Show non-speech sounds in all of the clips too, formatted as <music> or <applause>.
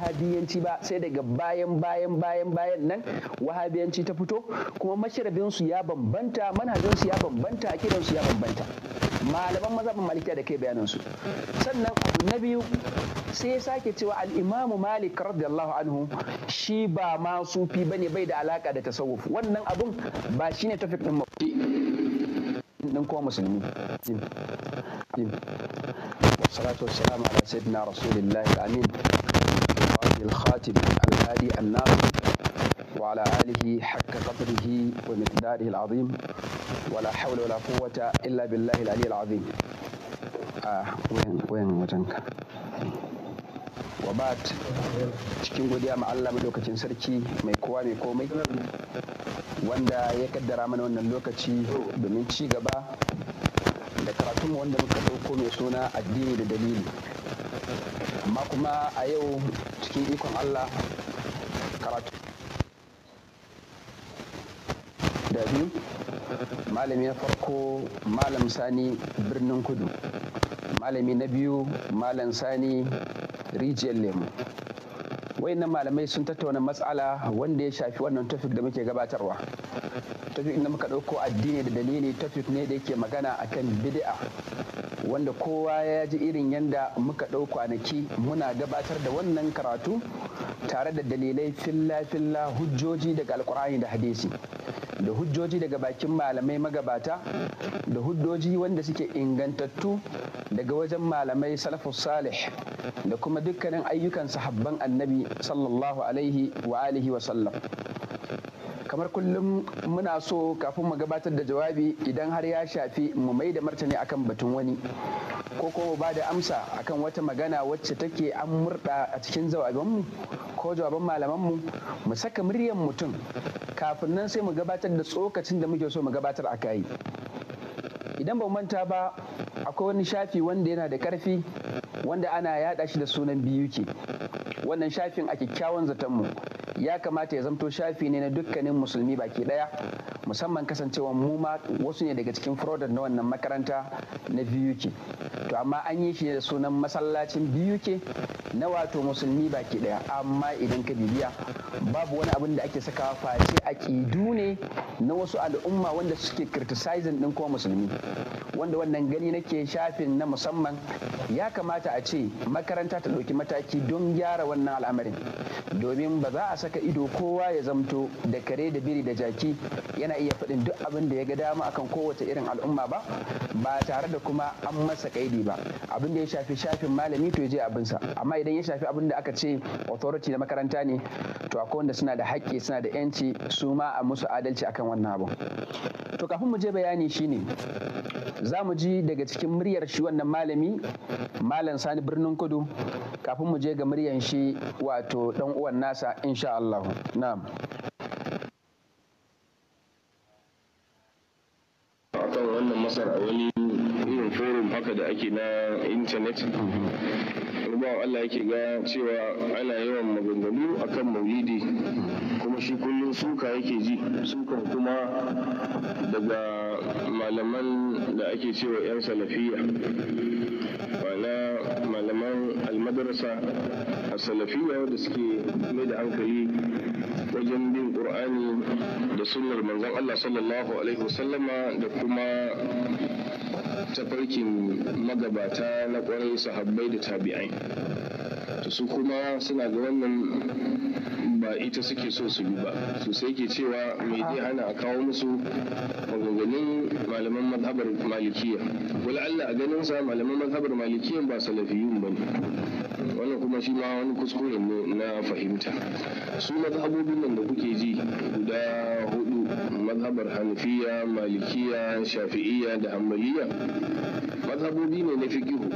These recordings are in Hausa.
wahabiyanci ba sai daga bayan bayan bayan bayan nan wahabiyanci ta fito kuma masharabinsu ya bambanta manhajinsu ya bambanta kiransu ya bambanta malaman mazhabin malikiya da kai bayanansu sannan abu na biyu sai ya sake cewa al'imamu malik radiyallahu anhu shi ba ma sufi bane bai da alaka da tasawuf wannan abun ba shine tafiq din mafi din kowa musulmi salatu wassalamu ala sayyidina rasulillahi amin الخاتم الهادي الناس وعلى آله حق قدره ومقداره العظيم ولا حول ولا قوة إلا بالله العلي العظيم آه وين وين وجنك وبعد cikin godiya ma Allah lokacin sarki mai kowa mai komai wanda ya kaddara mana wannan lokaci domin ci gaba da karatun wanda muka ɗauko mai suna addini da dalili amma kuma a yau cikin ikon allah karatu da biyu malami na farko malam sani birnin kudu malami na biyu malam sani rijiyar lemu wayannan malamai sun tattauna matsala wanda ya shafi wannan tafik da muke gabatarwa tafik da muka ɗauko addini da dalili tafik ne da yake magana akan bid'a wanda kowa ya ji irin yanda muka ɗau kwanaki muna gabatar da wannan karatu tare da dalilai filla-filla hujjoji daga alkur'ani da hadisi da hujjoji daga bakin malamai magabata da hujjoji wanda suke ingantattu daga wajen malamai salafus salih da kuma dukkanin ayyukan sahabban annabi sallallahu alaihi wa alihi wa sallam kamar kullum muna so kafin mu gabatar da jawabi idan har ya shafi mu mai da martani akan batun wani ko ko ba da amsa akan wata magana wacce take an murda a cikin jawabanmu ko jawaban malamanmu mu saka muryan mutum kafin nan sai mu gabatar da tsokacin da muke so mu gabatar a kai idan ba manta ba akwai wani shafi wanda yana da karfi wanda ana yada shi da sunan BUK wannan shafin a kyakkyawan zatonmu ya kamata ya zamto shafi ne na dukkanin musulmi baki daya musamman kasancewa mu ma wasu ne daga cikin fraudar na wannan makaranta na BUK to amma an yi shi da sunan masallacin BUK na wato musulmi baki daya amma idan ka bibiya babu wani abin da ake sakawa face kidu ne na wasu al'umma wanda suke criticizing din kuma musulmi wanda wannan gani nake shafin na musamman ya kamata kamata a ce makaranta ta ɗauki mataki don gyara wannan al'amarin domin ba za a saka ido kowa ya zamto da kare da biri da jaki yana iya faɗin duk abin da ya ga dama akan kowace irin al'umma ba ba tare da kuma an masa kaidi ba abin da ya shafi shafin malami to ya je abinsa amma idan ya shafi abin da aka ce authority na makaranta ne to akwai wanda suna da haƙƙi suna da yanci su ma a musu adalci akan wannan abu to kafin mu je bayani shine za mu ji daga cikin muryar shi wannan malami malam sani birnin kudu kafin mu je ga muryar shi wato dan uwan nasa insha Allah na'am akan wannan masar a wani irin forum haka da ake na intanet mm-hmm. kuma Allah yake ga cewa ana yawan maganganu akan maulidi kuma shi kullum suka yake ji suka kuma daga malaman da ake cewa 'yan salafiya wala malaman almadarasa a salafiya da suke mai da hankali wajen bin ƙur'ani da sunnar manzon Allah sallallahu alaihi wasallama da kuma tafarkin magabata na kwarai sahabbai da tabi'ai to su kuma suna ga wannan ba ita suke so su yi ba su sai ke cewa mai dai ana a kawo musu maganganun malaman mazhabar malikiya wala Allah a ganin sa malaman mazhabar malikiyan ba salafiyun ba ne wannan kuma shi ma wani kuskure ne na fahimta su mazhabobin nan da kuke ji guda hudu mazhabar hanafiya malikiya shafi'iya da hambaliya mazhabobi ne na fikihu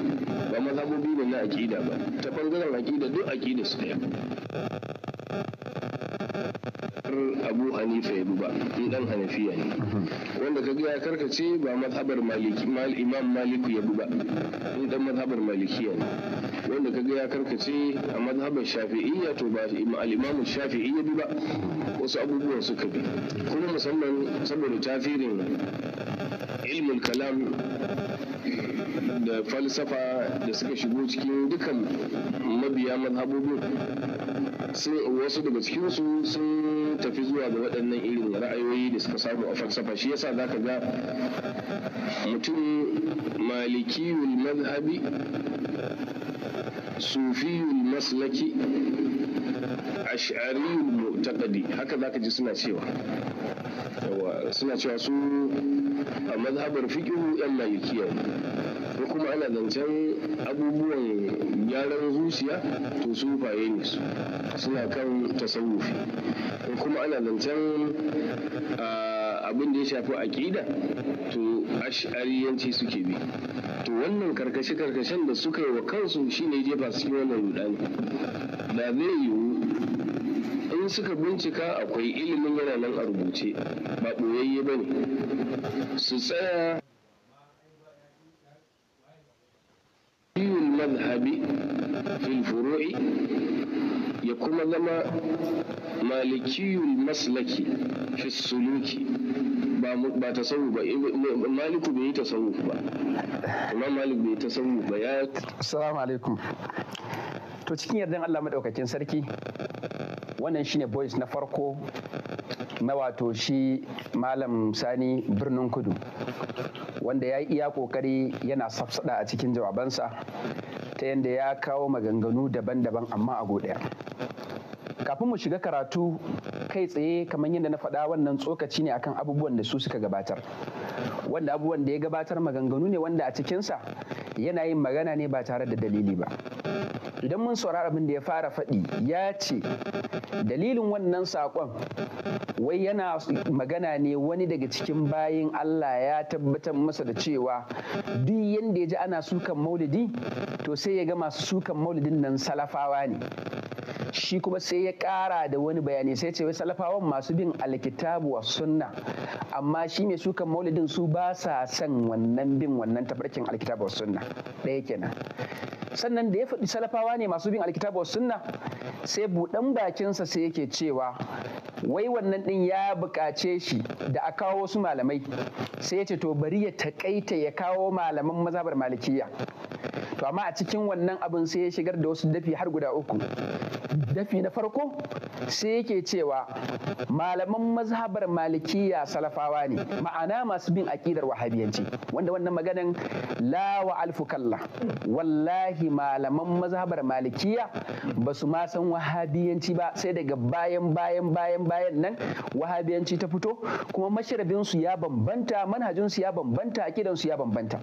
ba mazhabobi ne na aƙida ba ta ɓangaren aƙida duk aƙida su ɗaya abu hanifa ya duba in dan hanafiya ne wanda ka ga ya karkace ba mazhabar maliki imam maliku ya duba in dan mazhabar malikiya ne wanda ka ga ya karkace a mazhabar shafi'iyya to ba al-imam shafi'i ya ba wasu abubuwan suka bi kuma musamman saboda tafirin ilmul kalam da falsafa da suka shigo cikin dukan mabiya mazhabobin sun wasu daga cikinsu sun tafi zuwa ga waɗannan irin ra'ayoyi da suka samu a falsafa shi yasa za ka ga mutum malikiyul mazhabi sufiyul maslaki ta mu'taqadi haka zaka ji suna cewa suna cewa su a mazhabar fiqhu yan malikiya ko kuma ana zancen abubuwan gyaran zuciya to su faye ne su suna kan tasawufi ko kuma ana zancen abin da ya shafi aƙida to ash'ariyanci suke bi to wannan karkashe-karkashen da suka yi wa kansu shine jefa cikin wannan rudani da zai yiwu in suka bincika akwai ilimin yana nan a rubuce ba ɓoyayye ba ne su tsaya madhabi fil furu'i ya kuma zama malikiyul maslaki fi suluki ba tasawu ba maliku bai yi tasawu ba imam malik bai tasawu ba ya assalamu alaikum to cikin yardan Allah madaukakin sarki wannan shine boys na farko na wato shi malam sani birnin kudu wanda ya yi iya kokari yana safsada a cikin jawabansa ta yadda ya kawo maganganu daban-daban amma a godiya kafin mu shiga karatu kai tsaye kamar yadda na faɗa wannan tsokaci ne akan abubuwan da su suka gabatar wanda abubuwan da ya gabatar maganganu ne wanda a cikinsa yana yin magana ne ba tare da dalili ba idan mun saurari abin da ya fara faɗi ya ce dalilin wannan saƙon wai yana magana ne wani daga cikin bayin Allah ya tabbatar masa da cewa duk yadda ya ji ana sukan maulidi to sai ya ga masu sukan maulidin nan salafawa ne shi kuma sai ya ƙara da wani bayani sai ce wai salafawan masu bin alkitabu wa sunna amma shi mai sukan maulidin irin su ba sa san wannan bin wannan tafarkin alkitabar sunna ɗaya kenan sannan da ya faɗi salafawa ne masu bin alkitabar sunna sai buɗan bakinsa sai yake cewa wai wannan ɗin ya buƙace shi da a kawo wasu malamai sai ya ce to bari ya taƙaita ya kawo malaman mazabar malikiya to amma a cikin wannan abin sai ya shigar da wasu dafi har guda uku dafi na farko sai yake cewa malaman mazhabar malikiya salafawa ne ma'ana masu bin aƙidar wahabiyanci wanda wannan maganin la wa alfu kalla wallahi malaman mazhabar malikiya ba su ma san wahabiyanci ba sai daga bayan bayan bayan bayan nan wahabiyanci ta fito kuma mashirabin su ya bambanta manhajin su ya bambanta aƙidan su ya bambanta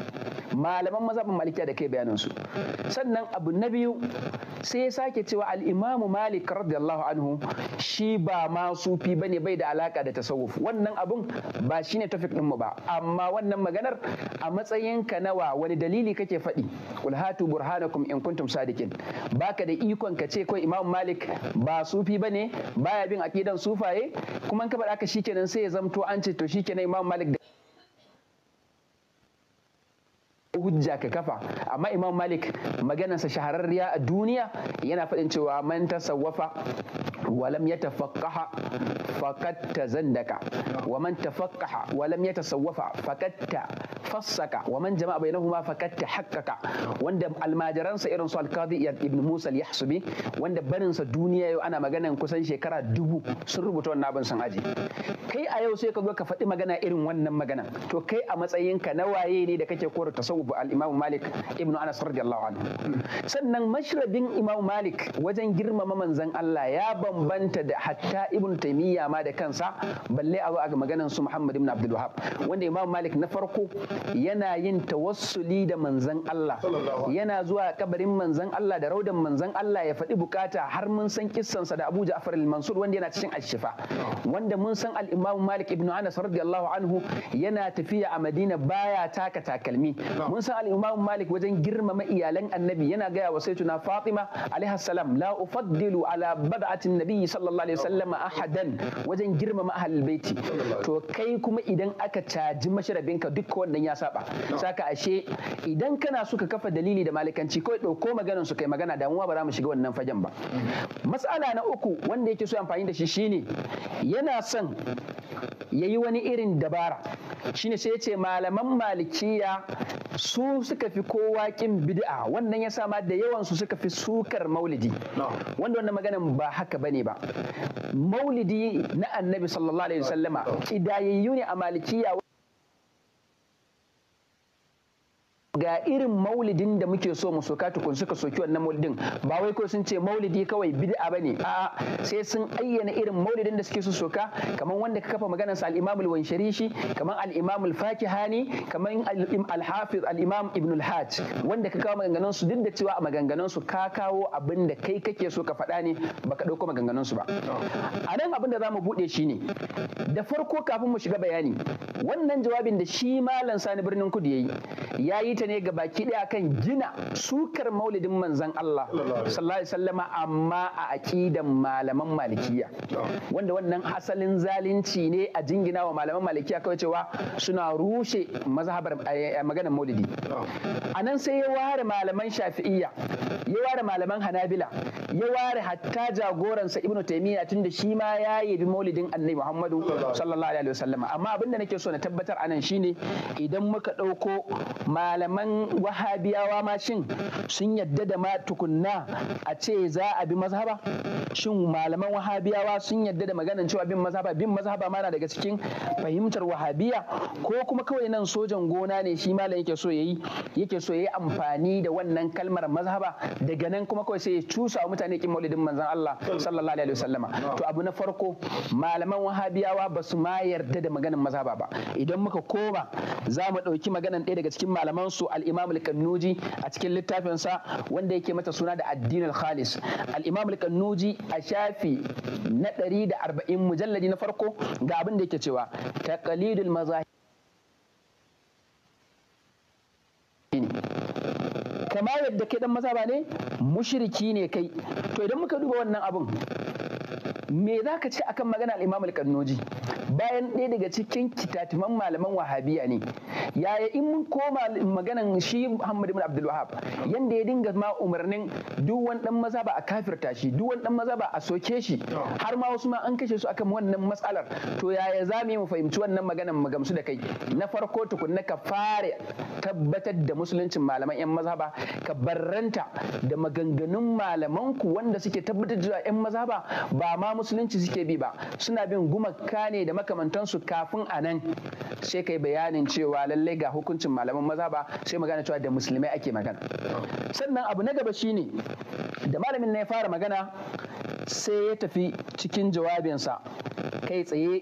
malaman mazhabar malikiya da kai bayanan su sannan abu na biyu sai ya sake cewa al-imamu malik radiyallahu anhu shi ba ma sufi bane bai da alaka da tasawuf wannan abun ba shine tafik din ba amma wannan maganar a matsayin ka nawa wani dalili kake faɗi kul hatu burhanakum in kuntum sadikin baka da ikon ka ce kai imam malik ba sufi bane baya bin aqidan sufaye kuma in ka faɗa ka shikenan sai ya zamto an ce to shikenan imam malik da hujja ka kafa amma imam malik maganarsa shahararriya a duniya yana faɗin cewa man tasawwafa walam ya tafaqqaha faqad tazandaka wa man tafaqqaha walam ya tasawwafa faqad tafassaka wa man jama'a bainahuma faqad tahaqqaqa wanda almajiransa irin su alqadi ibn musa al-yahsubi wanda barinsa duniya yau ana maganan kusan shekara dubu sun rubuta wannan abin sun aji kai a yau sai ka zo ka faɗi magana irin wannan magana to kai a matsayinka na waye ne da kake kora tasawuf al Malik ibn Anas radiyallahu anhu sannan mashrabin Imam Malik wajen girmama manzon Allah ya bambanta da hatta Ibn taimiyya ma da kansa balle a zo a maganan su Muhammad ibn Abdul wanda Imam Malik na farko yana yin tawassuli da manzan Allah yana zuwa kabarin manzan Allah da raudan manzan Allah ya faɗi bukata har mun san kissansa da Abu Ja'far al-Mansur wanda yana cikin ashifa wanda mun san al Malik ibn Anas radiyallahu anhu yana tafiya a Madina baya taka takalmi mun san al-Imam Malik wajen girmama iyalan Annabi yana gaya wa sayyiduna Fatima alaiha salam la ufaddilu ala bad'atin nabiyyi sallallahu alaihi wasallam ahadan wajen girmama ahlul baiti to kai kuma idan aka caji masharabin ka duk wannan ya saba saka ashe idan kana suka kafa dalili da malikanci kai dauko maganar su kai magana damuwa ba za mu shiga wannan fagen ba mas'ala na uku wanda yake so amfani da shi shine yana son yayi wani irin dabara shine sai ya ce malaman malikiya su suka fi kowa kin bid'a wannan ya sama da yawan su suka fi sukar maulidi wanda wannan maganan ba haka bane ba maulidi na annabi sallallahu alaihi wasallama kidayayyu ne a malikiya ga irin maulidin da muke so mu soka tukun suka soki wannan maulidin ba wai ko sun ce maulidi kawai bid'a bane a sai sun ayyana irin maulidin da suke so soka kamar wanda ka kafa maganar sa al-Imam al-Wansharishi kamar al-Imam al-Fakihani kamar al-Hafiz al-Imam Ibn al-Hajj wanda ka kawo maganganun su duk da cewa a maganganun su ka kawo abin kai kake so ka faɗa ne baka dauko maganganun su ba a nan abin da zamu buɗe shi ne da farko kafin mu shiga bayani wannan jawabin da shi malam Sani Birnin Kudu yayi yayi ta ne ga baki ɗaya kan gina sukar maulidin manzan Allah sallallahu sallama amma a aƙidan malaman malikiya wanda wannan asalin zalunci ne a jingina wa malaman malikiya kawai cewa suna rushe mazhabar eh, eh, maganar maulidi a nan sai ya ware malaman shafi'iyya ya ware malaman hanabila ya ware hatta jagoransa ibnu taymiya tunda shi ma ya bi maulidin annabi muhammadu sallallahu alaihi wasallam amma abin da nake so na tabbatar anan shine idan muka ɗauko malaman malaman wahabiyawa ma shin sun yadda da ma tukunna a ce za a bi mazhaba shin malaman wahabiyawa sun yadda da maganan cewa bin mazhaba bin mazhaba ma na daga cikin fahimtar wahabiya ko kuma kawai nan sojan gona ne shi malam yake so yayi yake so yayi amfani da wannan kalmar mazhaba daga nan kuma kawai sai ya cusa mutane kin maulidin manzon Allah sallallahu alaihi wasallama to abu na farko malaman wahabiyawa ba su ma yarda da maganan mazhaba ba idan muka koma za mu ɗauki maganan ɗaya daga cikin malaman su al al-kannuji a cikin littafinsa wanda yake mata suna da addinin al-khalis al al-kannuji a shafi na 140 mujalladi na farko ga abin da yake cewa taqlidul mazahib kamar yadda kai dan mazhaba ne mushriki ne kai to idan muka duba wannan abun me za ka ce akan magana al'imam al bayan ɗaya daga cikin kitatiman malaman wahabiya ne yaya in mun koma maganan shi muhammad ibn abdul wahab yanda ya dinga ma umarnin duk wani dan maza ba a kafirta shi duk wani dan maza ba a soke shi har ma wasu ma an kashe su akan wannan matsalar to yaya za mu mu fahimci wannan maganan mu gamsu da kai na farko tukunna ka fara tabbatar da musuluncin malaman yan maza ba ka barranta da maganganun malamanku wanda suke tabbatar da yan ba ba ma musulunci suke bi ba suna bin gumaka ne da makamantansu kafin a nan sai kai bayanin cewa lallai ga hukuncin malaman maza ba sai magana cewa da musulmai ake magana sannan abu na gaba shine da malamin na ya fara magana sai ya tafi cikin jawabinsa kai tsaye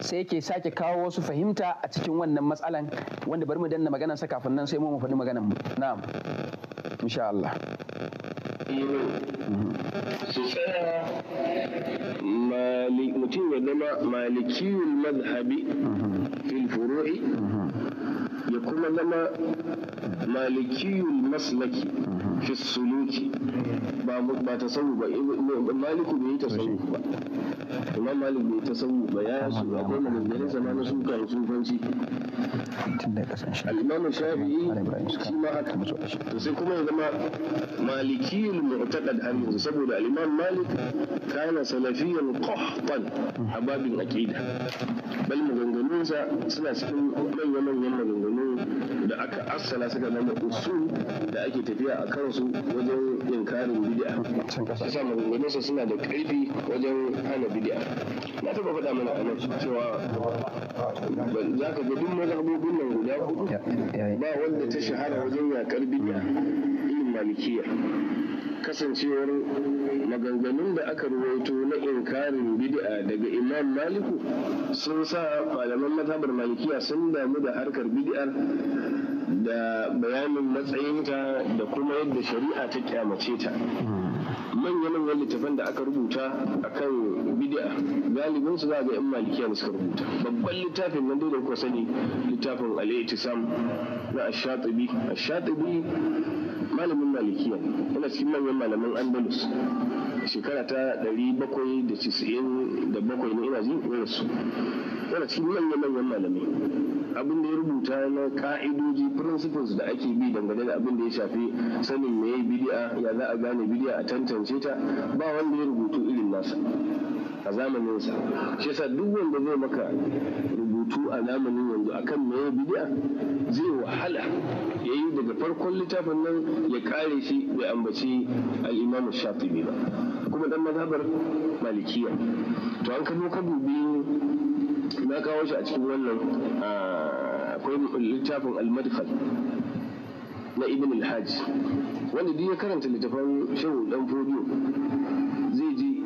sai yake sake kawo wasu fahimta a cikin wannan matsalan wanda bari mu danna maganar sa kafin nan sai mu faɗi maganar mu na'am insha Allah su tsaya مالي متي مالكي المذهب في الفروع يكون لما مالكي المسلك في السلوك tasawufi ba ba ba bai yi tasawuf ba imam malik bai tasawuf ba ya su akwai maganganun zama na su kan sufanci al-imam shafi'i shi ma haka to sai kuma ya zama malikiyul mu'taqad har saboda al-imam malik kana salafiyan qahtan a babin aqida bal suna cikin manyan manyan da aka assala suka zama usul da ake tafiya a kansu wajen inkarin bid'a kasa maganganunsa suna da karfi wajen hana bid'a na taɓa faɗa mana a nan cewa za ka ga duk mazhabobin nan guda hudu ba wanda ta shahara wajen yakar bid'a irin malikiya kasancewar maganganun da aka ruwaito na inkarin bid'a daga imam maliku sun sa malaman mazhabar malikiya sun damu da harkar bid'ar da bayanin matsayinta da kuma yadda shari'a ta kyamace ta manya-manyan littafan da aka rubuta a kan bidi'a galibin su za ga yan malikiya da suka rubuta babban littafin nan dole kuka sani littafin al'aitisam na ash-shatibi malamin malikiya yana cikin manyan malaman andalus shekara ta 797 ne ina ji su yana cikin manyan manyan malamai abin da ya rubuta na ka'idoji principles da ake bi dangane da abin da ya shafi sanin meye bidi'a ya za a gane bidiya a tantance ta ba wanda ya rubutu irin nasa a zamanin sa shi yasa duk wanda zai maka rubutu a zamanin yanzu akan me ya bid'a zai wahala yayi daga farkon littafin nan ya kare shi bai ambaci al-Imam Shafi'i ba kuma dan mazhabar Malikiya to an kano ka dubi na kawo shi a cikin wannan akwai littafin al-Madkhal na Ibn al-Hajj wanda duk ya karanta littafin Shehu Dan Fodiyo zai ji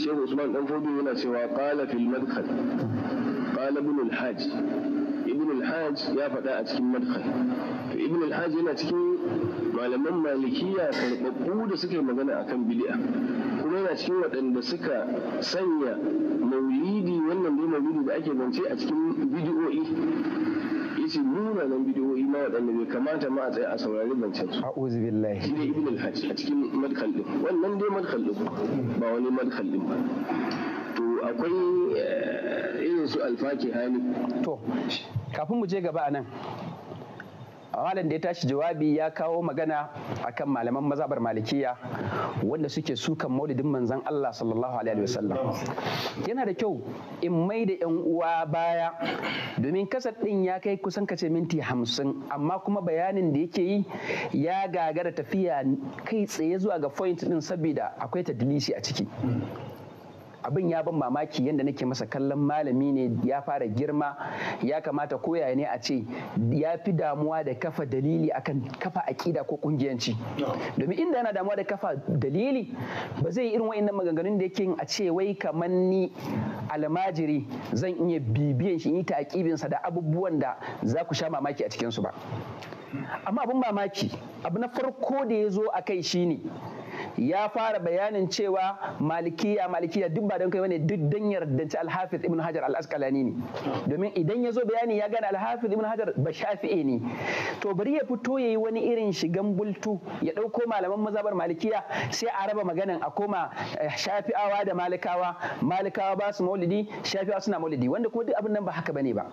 shehu usman dan fodo yana cewa qala fil madkhal qala ibn al ibn al ya faɗa a cikin madkhal to ibn al yana cikin malaman malikiya karɓaɓɓu da suka yi magana akan bid'a kuma yana cikin waɗanda suka sanya maulidi wannan dai maulidi da ake zance a cikin bid'o'i yace munanan bid'o'i ma waɗanda bai kamata ma a tsaye a saurari zancen su a'udhu billahi shi ne ibn al a cikin madkal ɗin. wannan dai madkal ɗin ba wani madkal ɗin ba to akwai eh, irin su alfaki hali. to kafin mu je gaba a nan malam da ya tashi jawabi ya kawo magana akan malaman mazabar malikiya wanda suke sukan maulidin manzan Allah sallallahu alaihi wasallam yana da kyau in mai da yan uwa baya domin kasar din ya kai kusan kace minti hamsin amma kuma bayanin da yake yi ya gagara tafiya kai tsaye zuwa ga point din saboda akwai tadlisi a ciki abin ya ban mamaki yadda nake masa kallon malami ne ya fara girma ya kamata koya ne a ce ya fi damuwa da kafa dalili akan kafa akida ko kungiyanci domin inda yana damuwa da kafa dalili ba zai yi irin wa'annan maganganun da yake a ce wai kamar ni almajiri zan iya bibiyan shi yi taƙibinsa da abubuwan da za ku sha mamaki a cikinsu ba amma abin mamaki abu na farko da ya zo a kai shine ya fara bayanin cewa malikiya malikiya duk ba don kai bane duk dan yardanci al-hafiz ibn hajar al-asqalani ne domin idan ya zo bayani ya gane al-hafiz ibn hajar ba shafi'i ne to bari ya fito yayi wani irin shigan bultu ya dauko malaman mazhabar malikiya sai a raba maganan a koma eh, shafi'awa da malikawa malikawa ba su maulidi shafi'awa suna maulidi wanda kuma duk abin nan ba haka bane ba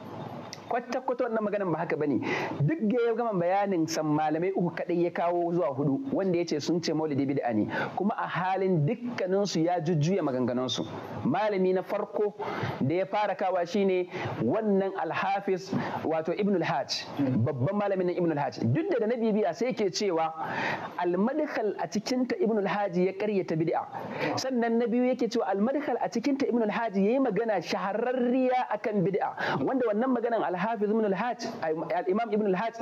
kwata kwata wannan maganan ba haka bane duk da ya gama bayanin san malamai uku kadai ya kawo zuwa hudu wanda yace sun ce maulidi bid'a ne kuma a halin dukkanin su ya jujjuya maganganun su malami na farko da ya fara kawa shine wannan alhafiz wato ibn al babban malamin na ibn al duk da na bibiya sai yake cewa al-madkhal a cikin ta ibn al-hajj ya karyata bid'a sannan na biyu yake cewa al a cikin ta ibn al-hajj yayi magana shahararriya akan bid'a wanda wannan maganan al-hafiz ibn al-hajj al-imam ibn al-hajj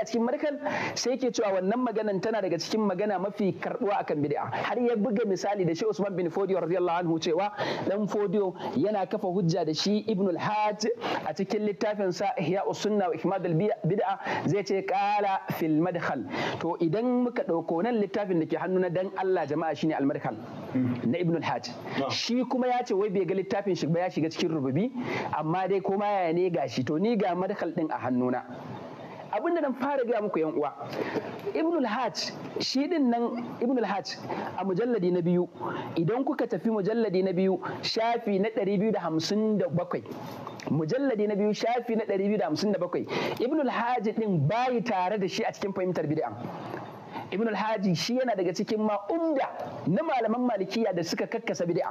a cikin markal sai yake cewa wannan maganan tana daga cikin magana mafi karbuwa akan bid'a har ya buga misali da shi Usman bin Fodiyo radiyallahu anhu cewa dan fodio yana kafa hujja da shi ibn al-hajj a cikin littafin sa ihya sunna wa ihmad al-bid'a zai ce qala fil madkhal to idan muka dauko nan littafin da ke hannu na dan Allah jama'a shine al-madkhal Mm. na ibn al-hajj shi kuma ya ce wai bai ga littafin shi ba ya shiga cikin rububi amma dai koma yaya ne gashi to ni ga madakal din a hannuna abin da nan fara gaya muku yan uwa ibnul hajj shi din nan ibnul hajj a mujalladi na biyu idan kuka tafi mujalladi na biyu shafi na 257 mujalladi na biyu shafi na 257 ibnul hajj din bayi tare da shi a cikin fahimtar bid'a ibn al-haji shi yana daga cikin ma'umda na malaman malikiya da suka kakkasa bid'a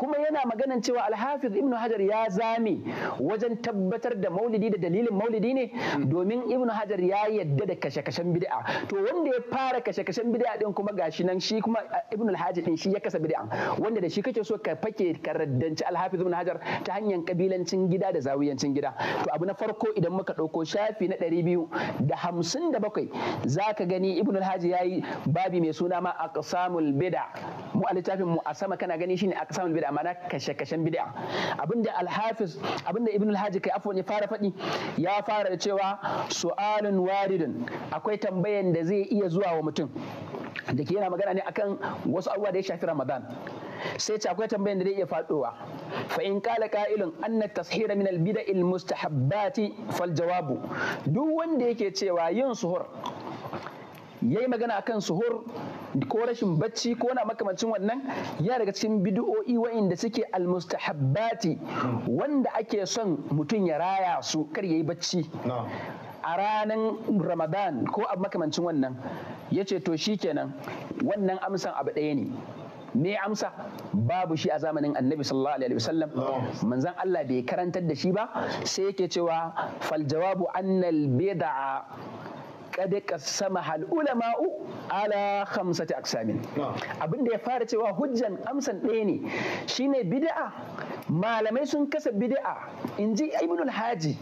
kuma yana maganan cewa al-hafiz ibn hajar ya zame wajen tabbatar da maulidi da dalilin maulidi ne hmm. domin ibn hajar ya yadda da kashe-kashen bid'a to wanda ya fara kashe-kashen bid'a din kuma gashi nan shi kuma eh, ibn al-haji din shi ya kasa bid'a wanda da shi kake so ka fake ka raddanci al-hafiz ibn hajar ta hanyar kabilancin gida da zawiyancin gida to abu na farko idan muka ɗauko shafi na 257 ka gani ibn alhaji ya yi babi mai suna ma aqsamul bid'a mu a littafin mu a sama kana gani shine aqsamul bid'a ma'ana kashe-kashen bid'a abinda al abinda ibn alhaji kai afwan ya fara faɗi ya fara da cewa su'alun waridun akwai tambayan da zai iya zuwa wa mutum da ke yana magana ne akan wasu abubuwa da ya shafi ramadan sai ce akwai tambayan da zai iya faɗowa fa in kala qa'ilun anna tashira min al mustahabbati fal jawabu duk wanda yake cewa yin suhur yayi magana akan suhur ko rashin bacci ko na makamancin wannan ya daga cikin bid'o'i wa'inda suke almustahabbati wanda ake son mutum ya raya su kar yayi bacci a ranar ramadan ko a makamancin wannan ya ce to shikenan wannan amsan abu ɗaya ne me amsa babu shi a zamanin annabi sallallahu alaihi wasallam manzon Allah bai karantar da shi ba sai yake cewa fal jawabu annal bid'a qad sama hal ulama'u ala khamsati aqsamin abin da ya fara cewa hujjan amsan ɗaya ne shine bid'a malamai sun kasa bid'a inji ibnul haji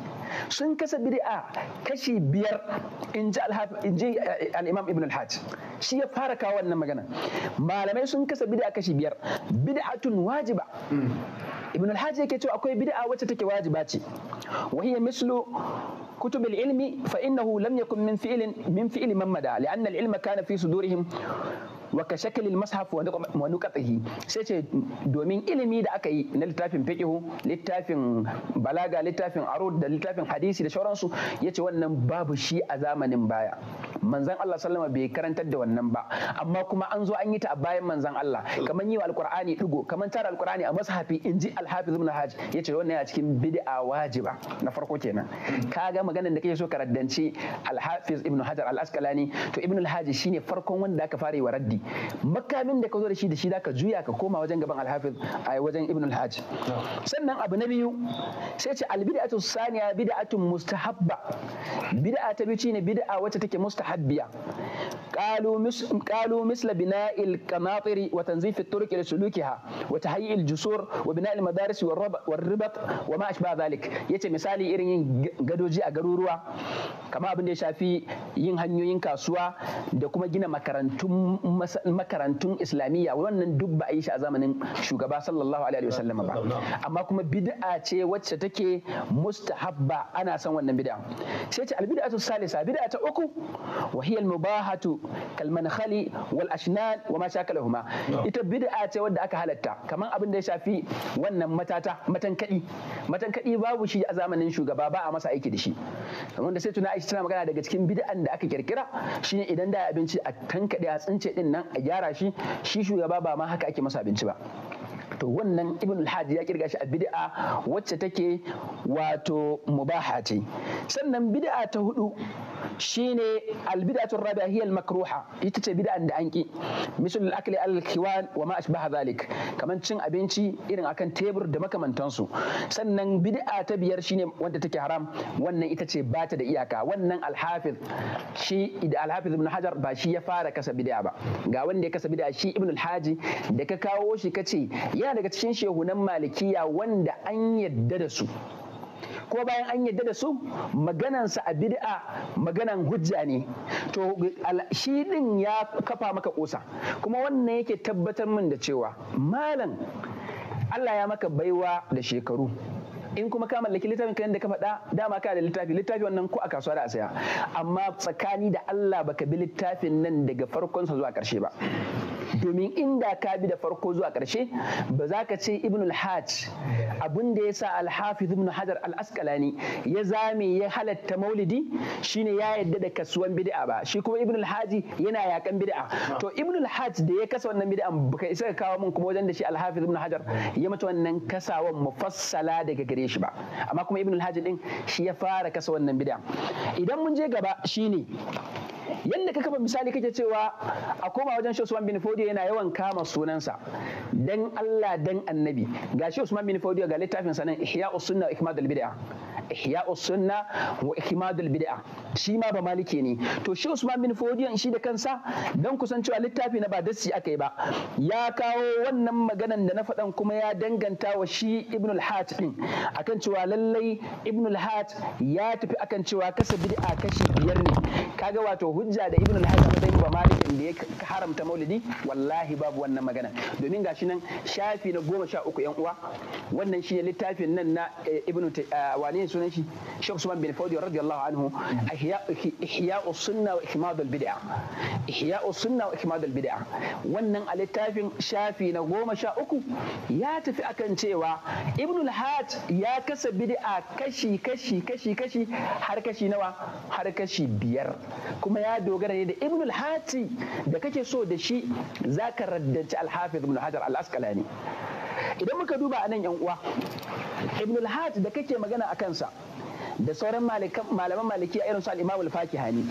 sun kasa bid'a kashi biyar inji al-imam ibn al-hajj shi ya fara kawo wannan magana malamai sun kasa bid'a kashi biyar bid'atun wajiba ibn al-hajj yake cewa akwai bid'a wacce take wajiba ce wa hiya mislu كتب العلم فإنه لم يكن من فعل من فعل من مدى لأن العلم كان في صدورهم wa ka shakalil mashaf wa nuqatihi sai ce domin ilimi da aka yi na littafin fiqhu littafin balaga littafin arud da littafin hadisi da sauransu yace wannan babu shi a zamanin baya manzon Allah sallama bai karantar da wannan ba amma kuma an zo an yi ta a bayan manzon Allah kamar yi wa alqur'ani digo kamar tara alqur'ani a mashafi inji alhafiz ibn hajj yace wannan ya cikin bid'a wajiba na farko kenan Ka kaga maganar da kake so ka raddanci alhafiz ibn hajar al-asqalani to ibn al shine farkon wanda aka fara yi wa raddi makamin da ka zo da shi da shi za ka juya ka koma wajen gaban alhafiz a wajen ibn alhaj sannan abu na biyu sai ce albid'atu saniya bid'atun mustahabba bid'a ta biyu ne bid'a wacce take mustahabbiya qalu misla bina'il qamatiri wa tanzif at-turuq li sulukiha wa tahyi al-jusur wa bina'il madaris wa ribat wa ma ashba dhalik yace misali irin yin gadoji a garuruwa kama abin da ya shafi yin hanyoyin kasuwa da kuma gina makarantun makarantun islamiyya wannan duk ba a yi shi a zamanin shugaba sallallahu alaihi wasallam ba amma kuma bid'a ce wacce take mustahabba ana san wannan bid'a sai ce albid'atu salisa bid'a ta uku wa hiya almubahatu kal mankhali wal ashnan wa ma shakalahuma ita bid'a ce wadda aka halatta kaman abin da ya shafi wannan matata matankadi matankadi babu shi a zamanin shugaba ba a masa aiki da shi wanda sai tuna Aisha tana magana daga cikin bid'an da aka kirkira shine idan da abinci a tankade a tsince din nan a gyara shi shi shugaba ba ma haka ake masa abinci ba to wannan ibn alhaji ya kirga shi a bid'a wacce take wato mubaha ce sannan bid'a ta hudu shine albid'atu rabia hiya almakruha ita ce bid'an da an ki misal al-akli al-khiwan wa ma ashbaha dhalik kaman cin abinci irin akan tebur da makamantansu sannan bid'a ta biyar shine wanda take haram wannan ita ce bata da iyaka wannan al-hafiz shi da al-hafiz ibn hajar ba shi ya fara kasa bid'a ba ga wanda ya kasa bid'a shi ibn al haji da ka kawo shi kace yana daga cikin shehunan malikiya wanda an yadda da su ko bayan an yadda da su maganansa a bid'a maganan hujja ne to shi din ya kafa maka kosa kuma wannan yake tabbatar min da cewa malam Allah ya maka baiwa da shekaru in kuma ka mallaki littafin kan da ka faɗa dama ka da littafi littafi wannan ko a kasuwa da a saya amma tsakani da Allah baka bi littafin nan daga farkonsa zuwa ƙarshe ba domin inda ka bi da farko zuwa ƙarshe ba za ka ce ibn al-hajj abin da ya sa al-hafiz ibn hajar al-asqalani ya zame ya halatta maulidi shine ya yadda da kasuwan bid'a ba shi kuma ibn al-hajj yana yakan bid'a to ibn al-hajj da ya kasa wannan bid'an baka isa ka kawo min kuma wajen da shi al-hafiz ibn hajar ya mata wannan kasawan mufassala daga gare shi ba amma kuma ibn al-hajj din shi ya fara kasa wannan bid'a idan mun je gaba shine yadda ka kafa misali kake cewa a koma wajen shi Usman bin Fodiyo yana yawan kama sunansa dan Allah dan Annabi ga shi Usman bin Fodiyo ga littafin nan Ihya Sunna wa Ikmadul Bid'ah ihya sunna wa ihmadul bid'a shi ma ba malike ne to shi Usman bin Fodiyan shi da kansa dan kusan cewa littafi na ba dassi akai ba ya kawo wannan maganan da na faɗan kuma ya danganta wa shi Ibn al-Hat akan cewa lallai Ibn al-Hat ya tafi akan cewa kasa bid'a kashi biyar ne kaga wato hujja da Ibn al-Hat wa malikin da ya haramta maulidi wallahi babu wannan magana domin gashi nan shafi na goma sha uku yan uwa wannan shi ne littafin nan na eh, ibn ah, wani sunan shi shaikh suman bin fawdi radiyallahu anhu ihya'u sunna wa ihmad al bid'a ihya'u sunna wa ihmad al bid'a wannan a littafin shafi na goma sha uku ya tafi akan cewa ibn al ya kasa bid'a kashi kashi kashi kashi har kashi nawa har kashi biyar kuma ya dogara ne da ibn al littafi da kake so da shi za ka raddanci alhafiz ibn hajar al-asqalani idan muka duba anan yan uwa ibn al da kake magana a kansa da sauran malaman maliki irin su al Faki hani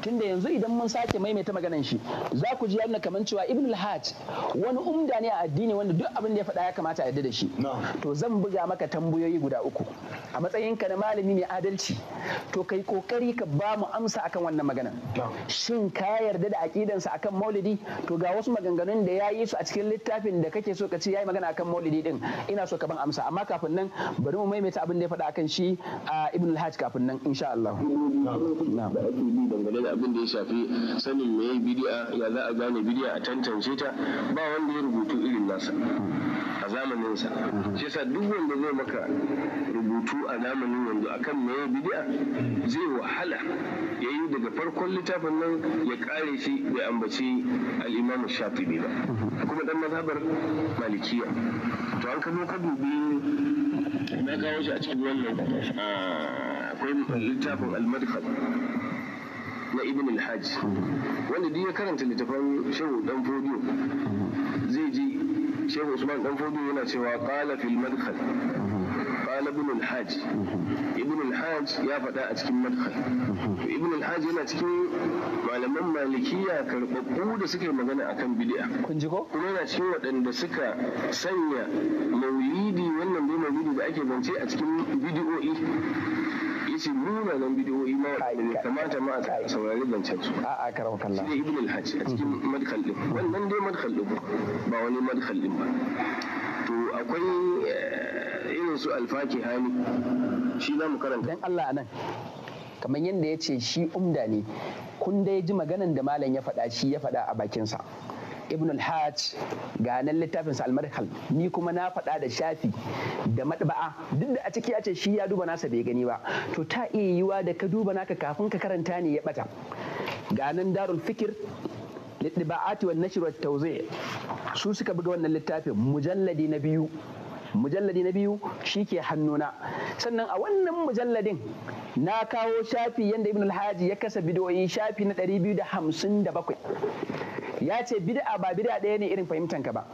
tunda yanzu idan mun sake maimaita maganan shi za ku ji yana kaman cewa Ibn al-Hajj wani umda ne a addini wanda duk abin da ya faɗa ya kamata a yarda da shi to zan buga maka tambayoyi guda uku a matsayinka na malami mai adalci to kai kokari ka ba mu amsa akan wannan magana shin ka yarda da aqidansa akan maulidi to ga wasu maganganun da ya yi su a cikin littafin da kake so ka ce yayi magana akan maulidi din ina so ka ban amsa amma kafin nan bari mu maimaita abin da ya faɗa akan shi a Ibn alhaji kafin nan insha Allah da ake bi dangane da abin da ya shafi sanin me bidi'a ya za a gane bidi'a a tantance ta ba wanda ya rubutu irin nasa a mm-hmm. shi yasa duk wanda zai maka rubutu a zamanin yanzu akan ya bidi'a zai wahala yayi daga farkon littafin nan ya kare shi bai ambaci al-Imam shafi'i ba mm-hmm. kuma dan mazhabar malikiya to an ka zo ka dubi na kawo shi a cikin wannan ah, akwai littafin al-madkhal na ibn al-hajj wanda duk ya karanta littafan shehu dan fodiyo zai ji shehu usman dan fodiyo yana cewa qala fil madkhal qala ibn al-hajj ibn al-hajj ya faɗa a cikin madkhal ibn al-hajj yana cikin malaman malikiya karɓaɓɓu da suka yi magana akan bid'a kun ji ko kuma yana cikin waɗanda suka sanya maulidi wannan dai maulidi da ake zance a cikin bid'o'i muna nan bidiyoyi ma da kamata ma a saurari zancen su a a karau kalla shi ibn al-hajj a cikin mm-hmm. madkhal din wannan dai madkhal din ba wani madkhal din ba to akwai eh, irin su alfaki hali shi na mu karanta dan Allah anan kamar yadda ya ce shi umda ne kun dai ji maganan da malam ya faɗa shi ya faɗa a bakinsa. sa ibn al-hajj ga nan littafinsa al-madkhal ni kuma na faɗa da shafi da madba'a duk da a ciki ya ce shi ya duba nasa bai gani ba to ta iya yiwa da ka duba naka kafin ka karanta ne ya bata ga nan darul fikir littiba'ati wan nashr wat tawzi su suka buga wannan littafin mujalladi na biyu mujalladi na biyu shi ke hannuna sannan a wannan mujalladin na kawo shafi yadda ibn alhaji ya kasa bidoyi shafi na 257 ya ce bid'a ba bid'a ɗaya ne irin ka ba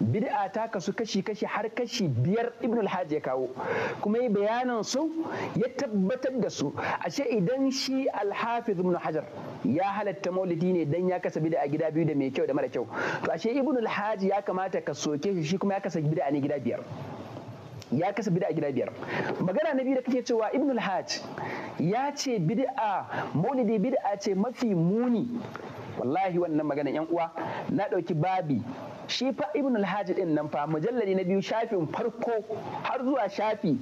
bid'a ta kasu kashi kashi har kashi biyar ibn al ya kawo kuma yi bayanan su ya tabbatar da su ashe idan shi alhafiz hafiz hajar ya halatta maulidi ne dan ya kasa bid'a gida biyu da mai kyau da mara kyau to ashe ibn al ya kamata ka soke shi kuma ya kasa bid'a ne gida biyar ya kasa bid'a a gida biyar magana na biyu da kake cewa al hajj ya ce bid'a maulidi bid'a ce mafi muni wallahi wannan magana yan uwa na ɗauki babi shi fa ibn alhaji din nan fa mujallali na biyu shafin farko har zuwa shafi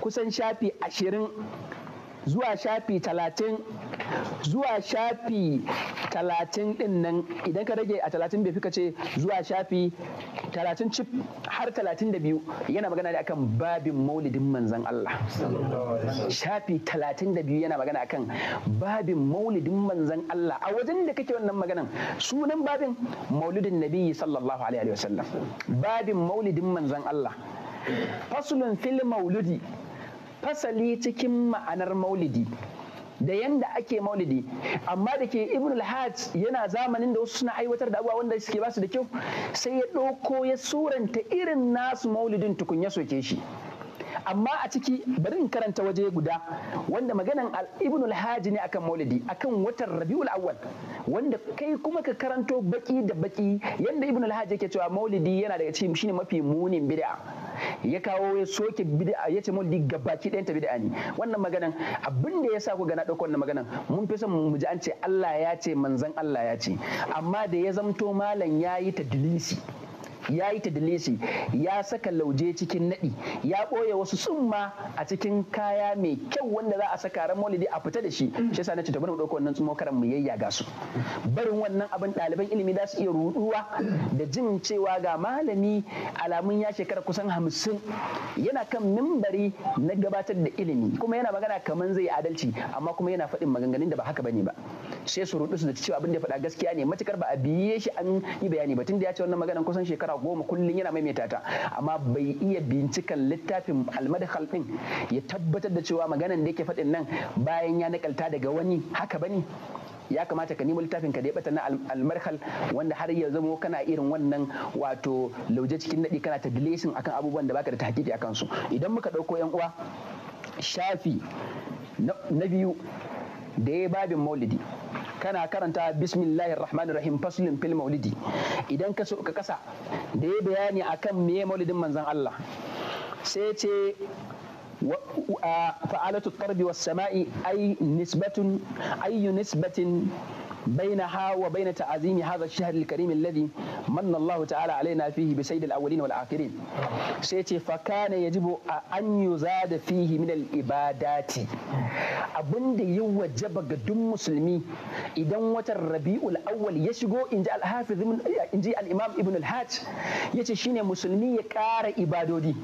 kusan shafi ashirin zuwa shafi talatin zuwa shafi talatin din nan idan ka rage a talatin bai fika ka ce zuwa shafi talatin cif har talatin da biyu yana magana da akan babin maulidin manzan Allah shafi talatin da biyu yana magana akan babin maulidin manzan Allah a wajen da kake wannan maganan sunan babin maulidin nabi sallallahu alaihi wasallam babin maulidin manzan Allah fasulun fil mauludi fasali cikin ma'anar maulidi da yanda ake maulidi amma da ke ibn al-hajj yana zamanin da wasu suna aiwatar da abubuwa wanda suke basu da kyau sai ya ɗauko ya suranta irin nasu maulidin tukunya ya soke shi amma a ciki bari in karanta waje guda wanda maganan ibn al-haji ne akan maulidi akan watan rabiul awwal wanda kai kuma ka karanto baki da baki yanda ibn al-haji yake cewa maulidi yana daga cikin shine mafi munin bid'a ya kawo ya soke bid'a ya ce maulidi gabaki ɗayan ta bid'a ne wannan maganan abin da yasa ku gana ɗauko wannan maganan mun fi son mu ji an ce Allah ya ce manzon Allah ya ce amma da ya zamto malam yayi tadlisi ya yi ta tadilisi ya saka lauje cikin naɗi ya ɓoye wasu tsumma a cikin kaya mai kyau wanda za a saka ran maulidi a fita da shi shi sa na ce bari mu ɗauko wannan tsumo karan mu yayyaga su barin wannan abin ɗaliban ilimi za su iya ruduwa da jin cewa ga malami alamun ya shekara kusan hamsin yana kan mimbari na gabatar da ilimi kuma yana magana kaman zai adalci amma kuma yana faɗin maganganun da ba haka bane ba sai su rudu su da cewa abin da ya faɗa gaskiya ne matukar ba a biye shi an yi bayani ba tun da ya ce wannan maganan kusan shekara goma kullum yana maimaita ta amma bai iya bincikan littafin almadakal din ya tabbatar da cewa maganan da yake faɗin nan bayan ya nakalta daga wani haka bane ya kamata ka nemi littafin ka da ya bata na almarhal wanda har ya zamo kana irin wannan wato lauje cikin nadi kana ta dilesin akan abubuwan da baka da tahqiqi akan su idan muka ɗauko yan uwa shafi na biyu da ya babin maulidi kana karanta bismillahir rahmanir rahim faslin fil maulidi idan ka so ka kasa da ya bayani akan me maulidin manzon Allah sai ce فعالة القرب والسماء أي نسبة أي نسبة بينها وبين تعظيم هذا الشهر الكريم الذي من الله تعالى علينا فيه بسيد الأولين والآخرين سيتي فكان يجب أن يزاد فيه من الإبادات abinda يوجب wajaba مسلمي duk musulmi idan watan يشغو awwal ya الحافظ inji al-hafiz inji al-imam ibn مسلمي hajj yace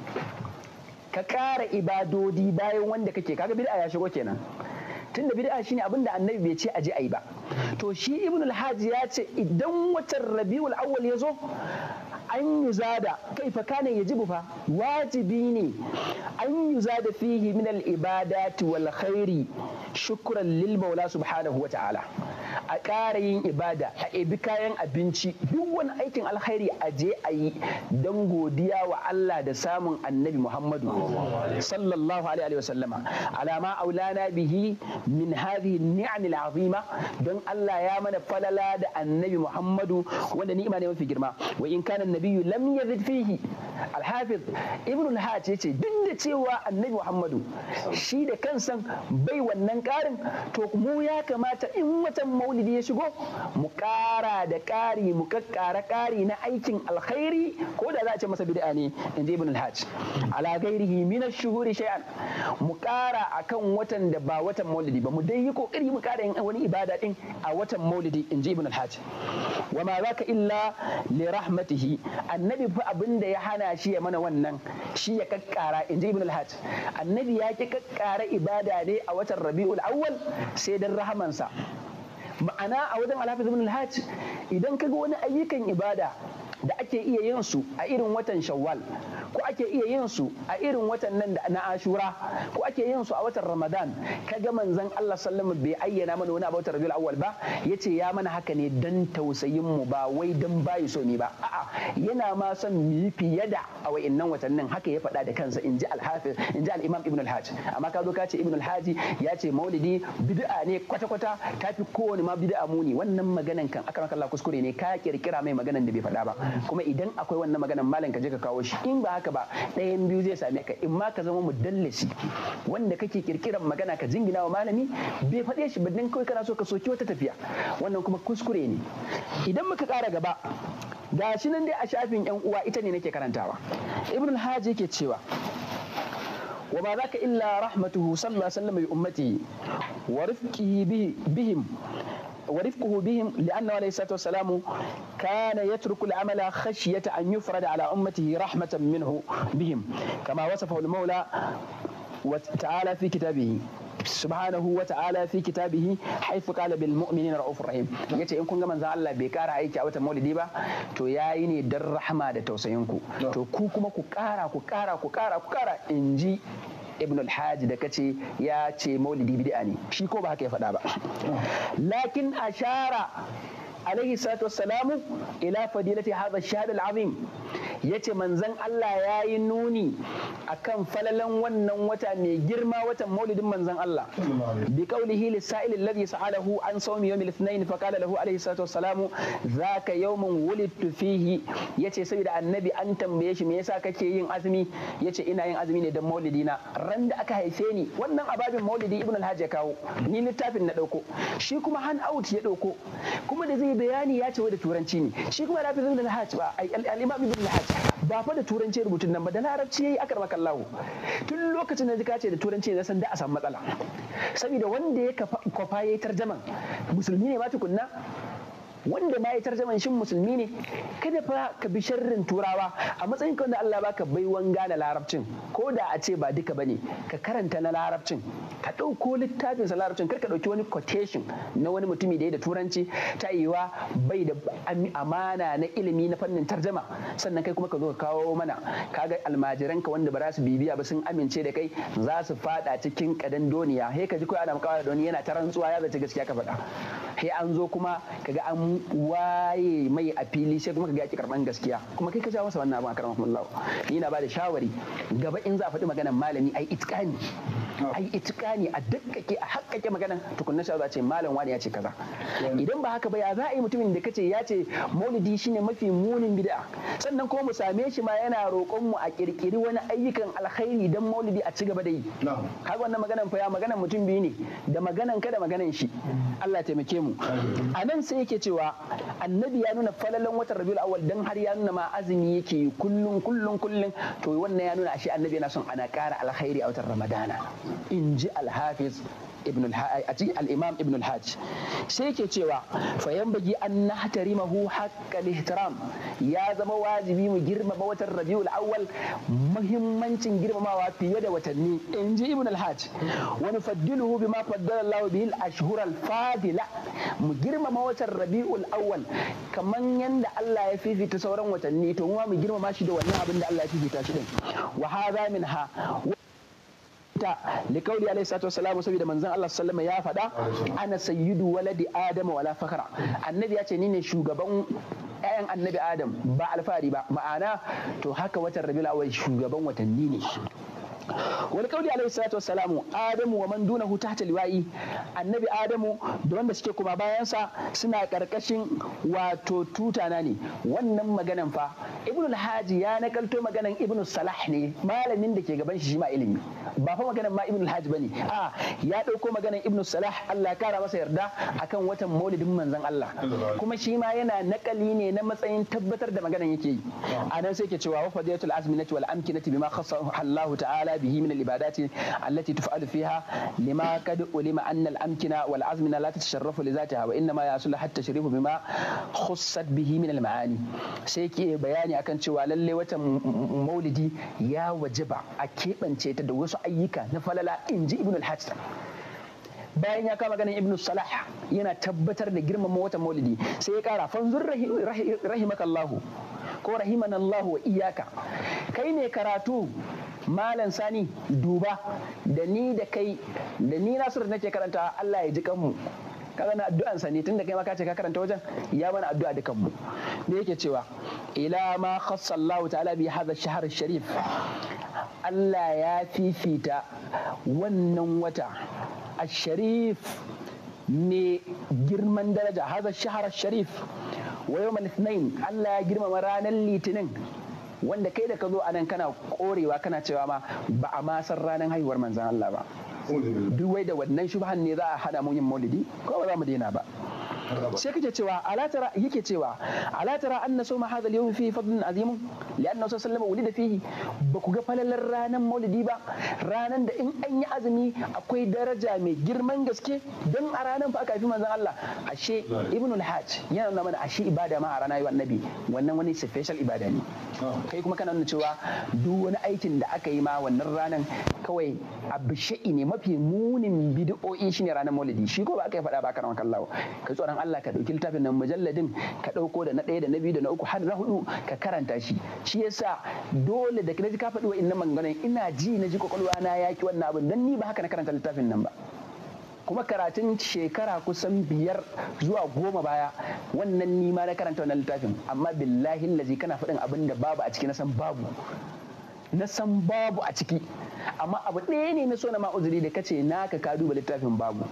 ka ƙara ibadodi bayan wanda kake kaga bid'a ya shigo kenan tun da bid'a shine abinda annabi bai ce aje ayi ba to shi ibn haji ya ce idan watan rabiul awwal ya zo an kai fa kana yajibu fa wajibi ne an yi yuzada fihi min al-ibadati wal khairi shukran lil maula subhanahu wa ta'ala a ƙara yin ibada a ebi kayan abinci duk wani aikin alkhairi a je a yi don godiya wa Allah da samun annabi Muhammadu sallallahu alaihi wasallama alama aulana bihi min hadhihi ni'amil azima don Allah ya mana falala da annabi Muhammadu wanda ni'ima ne mafi girma wa in kana nabiyyu lam yazid fihi al ibn al yace duk da cewa annabi Muhammadu shi da kansa bai wannan karin to mu ya kamata in watan maulidi ya shigo mu ƙara da ƙari mu kakkara ƙari na aikin alkhairi ko da za a ce masa bid'a ne in ji ibn al-hajj ala ghairihi min ash-shuhuri shay'an mu ƙara akan watan da ba watan maulidi ba mu dai yi kokari mu kara yin wani ibada din a watan maulidi in ji ibn al-hajj wa ma zaka illa li rahmatihi annabi fa abinda ya hana shi ya mana wannan shi ya kakkara in ji ibn al-hajj annabi ya ki kakkara ibada ne a watan rabiul awwal sai dan rahamansa ma'ana a wajen alhafi ibn al idan kaga wani ayyukan ibada da ake iya yin su a irin watan shawwal ko ake iya yin su a irin watan nan na ashura ko ake yin su a watan ramadan ka kaga manzon Allah sallallahu bai ayyana mana wani abu watan rabiul awwal ba yace ya mana haka ne dan tausayin mu ba wai dan bayi so ni ba a'a yana ma son mu yi fiye da a wayannan watannin haka ya faɗa da kansa inji al-hafiz inji al-imam ibn al-hajj amma ka zo ka ce ibn al-hajj ya ce maulidi bid'a ne kwata-kwata tafi kowane ma bid'a muni wannan maganan kan akan Allah kuskure ne ka kirkira mai maganan da bai faɗa ba kuma idan akwai wannan maganar malam ka je ka kawo shi in ba haka ba ɗayan biyu zai same ka in ma ka zama mudallasi wanda kake kirkiran magana ka jingina wa malami bai faɗe shi ba dan kawai kana so ka soki wata tafiya wannan kuma kuskure ne idan muka ƙara gaba ga shi nan dai a shafin yan uwa ita ne nake karantawa ibn haji yake cewa wa ma zaka illa rahmatuhu sallallahu alaihi wasallam bi ummati wa rifqi bihim ورفقه بهم لأنه عليه الصلاة والسلام كان يترك العمل خشية أن يفرد على أمته رحمة منه بهم كما وصفه المولى تعالى في كتابه subhanahu wa ta'ala fi kitabihi haifu qala bil mu'minina raufur rahim yace in kun ga manzo Allah bai kara aiki a watan maulidi ba to yayi ne dan rahma da tausayin ku to ku kuma ku kara ku ku kara ku inji ibn al-hajj da kace ya ce maulidi bid'a ne shi ko ba haka ya faɗa ba lakin ashara alaihi salatu wassalamu ila fadilati hadha shahad al-azim yace manzon Allah yayi nuni akan falalan wannan wata mai girma watan maulidin manzon Allah bi qawlihi lisa'il alladhi sa'alahu an sawmi yawm al-ithnain fa qala lahu alaihi salatu wassalamu dhaka yawmun wulidtu fihi yace saboda annabi an tambaye shi me yasa kake yin azumi yace ina yin azumi ne dan maulidina ran da aka haife ni wannan ababin maulidi ibn al-hajj ya kawo ni littafin na dauko shi kuma hand out ya dauko kuma da zai mai bayani ya ce wai da turanci ne shi kuma rafi da na hajj ba al-imam ibn na hajj ba fa da turanci rubutun nan ba da larabci yayi akar maka Allah tun lokacin da ka ce da turanci ya san da a samu matsala saboda wanda ya kwafa ya yi tarjaman musulmi ne ba tukunna wanda ma ya tarjaman shin musulmi ne kada fa ka bi sharrin turawa a matsayin wanda Allah baka baiwan gane larabcin ko da a ce ba duka bane ka karanta na larabcin ka ɗauko littafin sa larabcin kar ka ɗauki wani quotation na wani mutumi da ya da turanci ta yiwa bai da amana na ilimi na fannin tarjama sannan kai kuma ka zo ka kawo mana kaga almajiran ka wanda ba za su bibiya ba sun amince da kai za su fada cikin kadan doniya he ka ji kawai ana makawa da wani yana ta rantsuwa ya zace gaskiya ka faɗa he an zo kuma kaga an waye mai a fili sai kuma ka ga ki karban gaskiya kuma kai ka jawo masa wannan abin a karamar Allah ni na bada shawari gaba in za a faɗi maganar malami ai itqani ai itqani a dakkake a hakkake maganar tukunna sha za ce malam wani ya ce kaza idan ba haka ba ya za a yi mutumin da kace ya ce maulidi shine mafi munin bid'a sannan kuma mu same shi ma yana roƙon mu a kirkiri wani ayyukan alkhairi dan maulidi a ci gaba da yi kaga wannan maganar fa ya maganar mutum biyu ne da maganan ka da maganar shi Allah ya taimake mu anan sai yake cewa cewa annabi ya nuna falalan watan rabiul awwal dan har ya nuna ma azumi yake kullun kullun kullun to wannan ya nuna ashe annabi yana son ana ƙara alkhairi a watan ramadana in ji alhafiz ibn a cikin ibn al-hajj sai ke cewa fa bagi an nahtarimahu haqqal ihtiram ya zama wajibi mu girmama watan rabiul awwal muhimmancin girmamawa fiye da watanni in ji ibn al-hajj wa nufaddiluhu bima faddala Allah bihi al-ashhur al-fadila mu girmama watan rabiul awwal kamar yadda Allah ya fifita sauran watanni to mu girmama shi da wannan abin da Allah ya fifita shi din wa hadha minha ita liqauli alaihi salatu wassalamu saboda manzon Allah sallama ya faɗa ana sayyidu waladi adama wala fakara annabi ya ce ni ne shugaban ƴaƴan annabi adam ba alfahari ba ma'ana to haka watan rabiul awal shugaban watanni ne wani kauli alaihi salatu wassalamu adamu wa Manduna dunahu tahta liwa'i annabi adamu da wanda suke kuma bayansa suna karkashin wato tuta na ne wannan maganan fa ibnu alhaji ya nakalto maganan ibnu salah ne malamin da ke gaban shi shi ma ilimi ba fa maganan ma ibnu alhaji ne. a ya dauko maganan ibnu salah Allah ya kara masa yarda akan watan maulidin manzon Allah kuma shi ma yana nakali ne na matsayin tabbatar da maganan yake yi anan sai ke cewa wa fadiyatul azminati wal amkinati bima khassahu Allah ta'ala ما به من العبادات التي تفعل فيها لما قد علم أن الأمكنة والأزمنة لا تتشرف لذاتها وإنما يصل حتى التشريف بما خصت به من المعاني سيكي bayani akan cewa lalle watan maulidi ya wajaba a keɓance ta da wasu ayyuka na falala in ji ibn al bayan ya kama ganin ibnu salah yana tabbatar da girmama watan maulidi sai ya kara fanzur rahimakallahu ko rahiman Allah wa iyaka kai ne karatu malam sani duba da ni da kai da ni nasiru nake karanta Allah ya ji kanmu kaga na addu'an sa ne tunda kai ma ka ce ka karanta wajen ya mana addu'a dukanmu. me yake cewa ila ma khassa Allah ta'ala bi hadha shahr sharif Allah ya fifita wannan wata الشريف Me girman daraja haza shahar sharif wa yau Allah ya girmama ranar litinin wanda kai da ka zo anan kana korewa kana cewa ma ba a ma ranar haihuwar manzan Allah ba duk wai da wannan shubhan ne za a hana mu yin maulidi ko ba za mu daina ba sai kake cewa ala tara yake cewa ala tara anna sawma hadha al-yawm fi fadlun azim li'anna sallallahu alaihi fihi ba ku ga falalar ranar maulidi ba ranar da in an yi azumi akwai daraja mai girman gaske dan a ranar fa aka fi manzon Allah ashe ibnul hajj yana nuna mana ashe ibada ma a ranar yawan nabi wannan wani special ibada ne ah. kai kuma kana nuna cewa duk wani aikin da aka yi ma wannan ranar kawai abu sha'i ne mafi munin bid'o'i shine ranar maulidi shi ko ba aka yi faɗa ba kana kallawa kai tsoron Allah ka ɗauki littafin nan mujalladin ka ɗauko da na ɗaya da na biyu da na uku har na hudu ka karanta shi shi yasa dole da ji ka faɗi wa'innan maganganun ina ji na ji kwakwalwa na yaƙi wannan abin dan ni ba haka na karanta littafin nan ba kuma karatun shekara kusan biyar zuwa goma baya wannan ni ma na karanta wannan littafin amma billahi lazi kana faɗin abin da babu a ciki na san babu na san babu a ciki amma abu ɗaya ne na so na ma ma'uzuri da kace naka ka duba littafin babu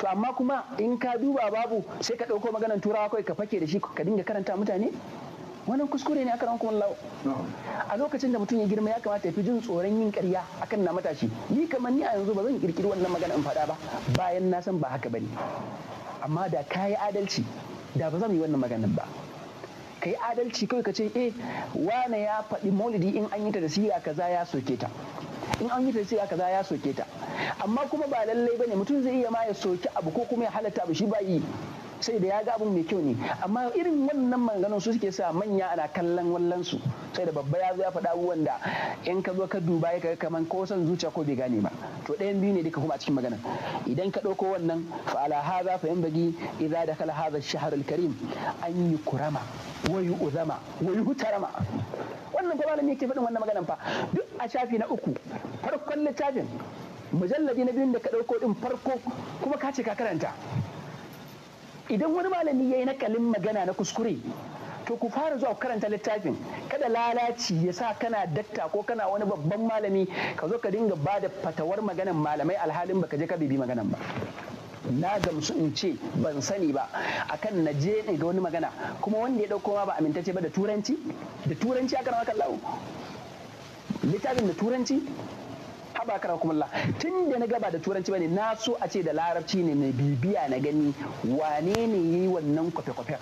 to amma kuma in ka duba babu sai ka ɗauko maganan turawa kawai ka fake da shi ka dinga karanta mutane wannan kuskure ne aka kuma wallahu a lokacin da mutum ya girma ya kamata ya fi jin tsoron yin ƙarya akan na matashi ni kamar ni a yanzu ba zan kirkiri wannan magana in faɗa ba bayan na san ba haka bane amma da kayi adalci da ba zan yi wannan maganar ba ka yi adalci kawai ka ce eh wane ya faɗi maulidi in an yi ta da kaza ya soke ta in an yi ta da kaza ya soke ta amma kuma ba lallai bane mutum zai iya ma ya soki abu ko kuma ya halatta abu shi ba yi sai da ya ga abin mai kyau ne amma irin wannan maganganun su suke sa manya ana kallon wallan su sai da babba ya zo ya faɗa abubuwan da in ka zo ka duba ya kaga kaman ko son zuciya ko bai gane ba to ɗayan biyu ne duka kuma a cikin maganar idan ka ɗauko wannan fa ala hadha fa bagi idza dakala hadha shahr al-karim an yi kurama wayu uzama wayu hutarama wannan kuma malami yake faɗin wannan maganar fa duk a shafi na uku farkon littafin mujalladi na biyun da ka ɗauko ɗin farko kuma ka ce ka karanta idan wani malami ya yi nakalin magana na kuskure to ku fara zuwa karanta littafin kada lalaci ya sa kana datta ko kana wani babban malami ka zo ka dinga ba da fatawar maganan malamai alhalin baka je ka bibi maganan ba na gamsu in ce ban sani ba akan na je ne ga wani magana kuma wanda ya dauko ma ba amintacce ba da turanci da turanci aka rawa kan littafin da turanci haba kara tun da na gaba da turanci bane na so a ce da larabci ne na bibiya na gani wane ne yi wannan kwafe-kwafen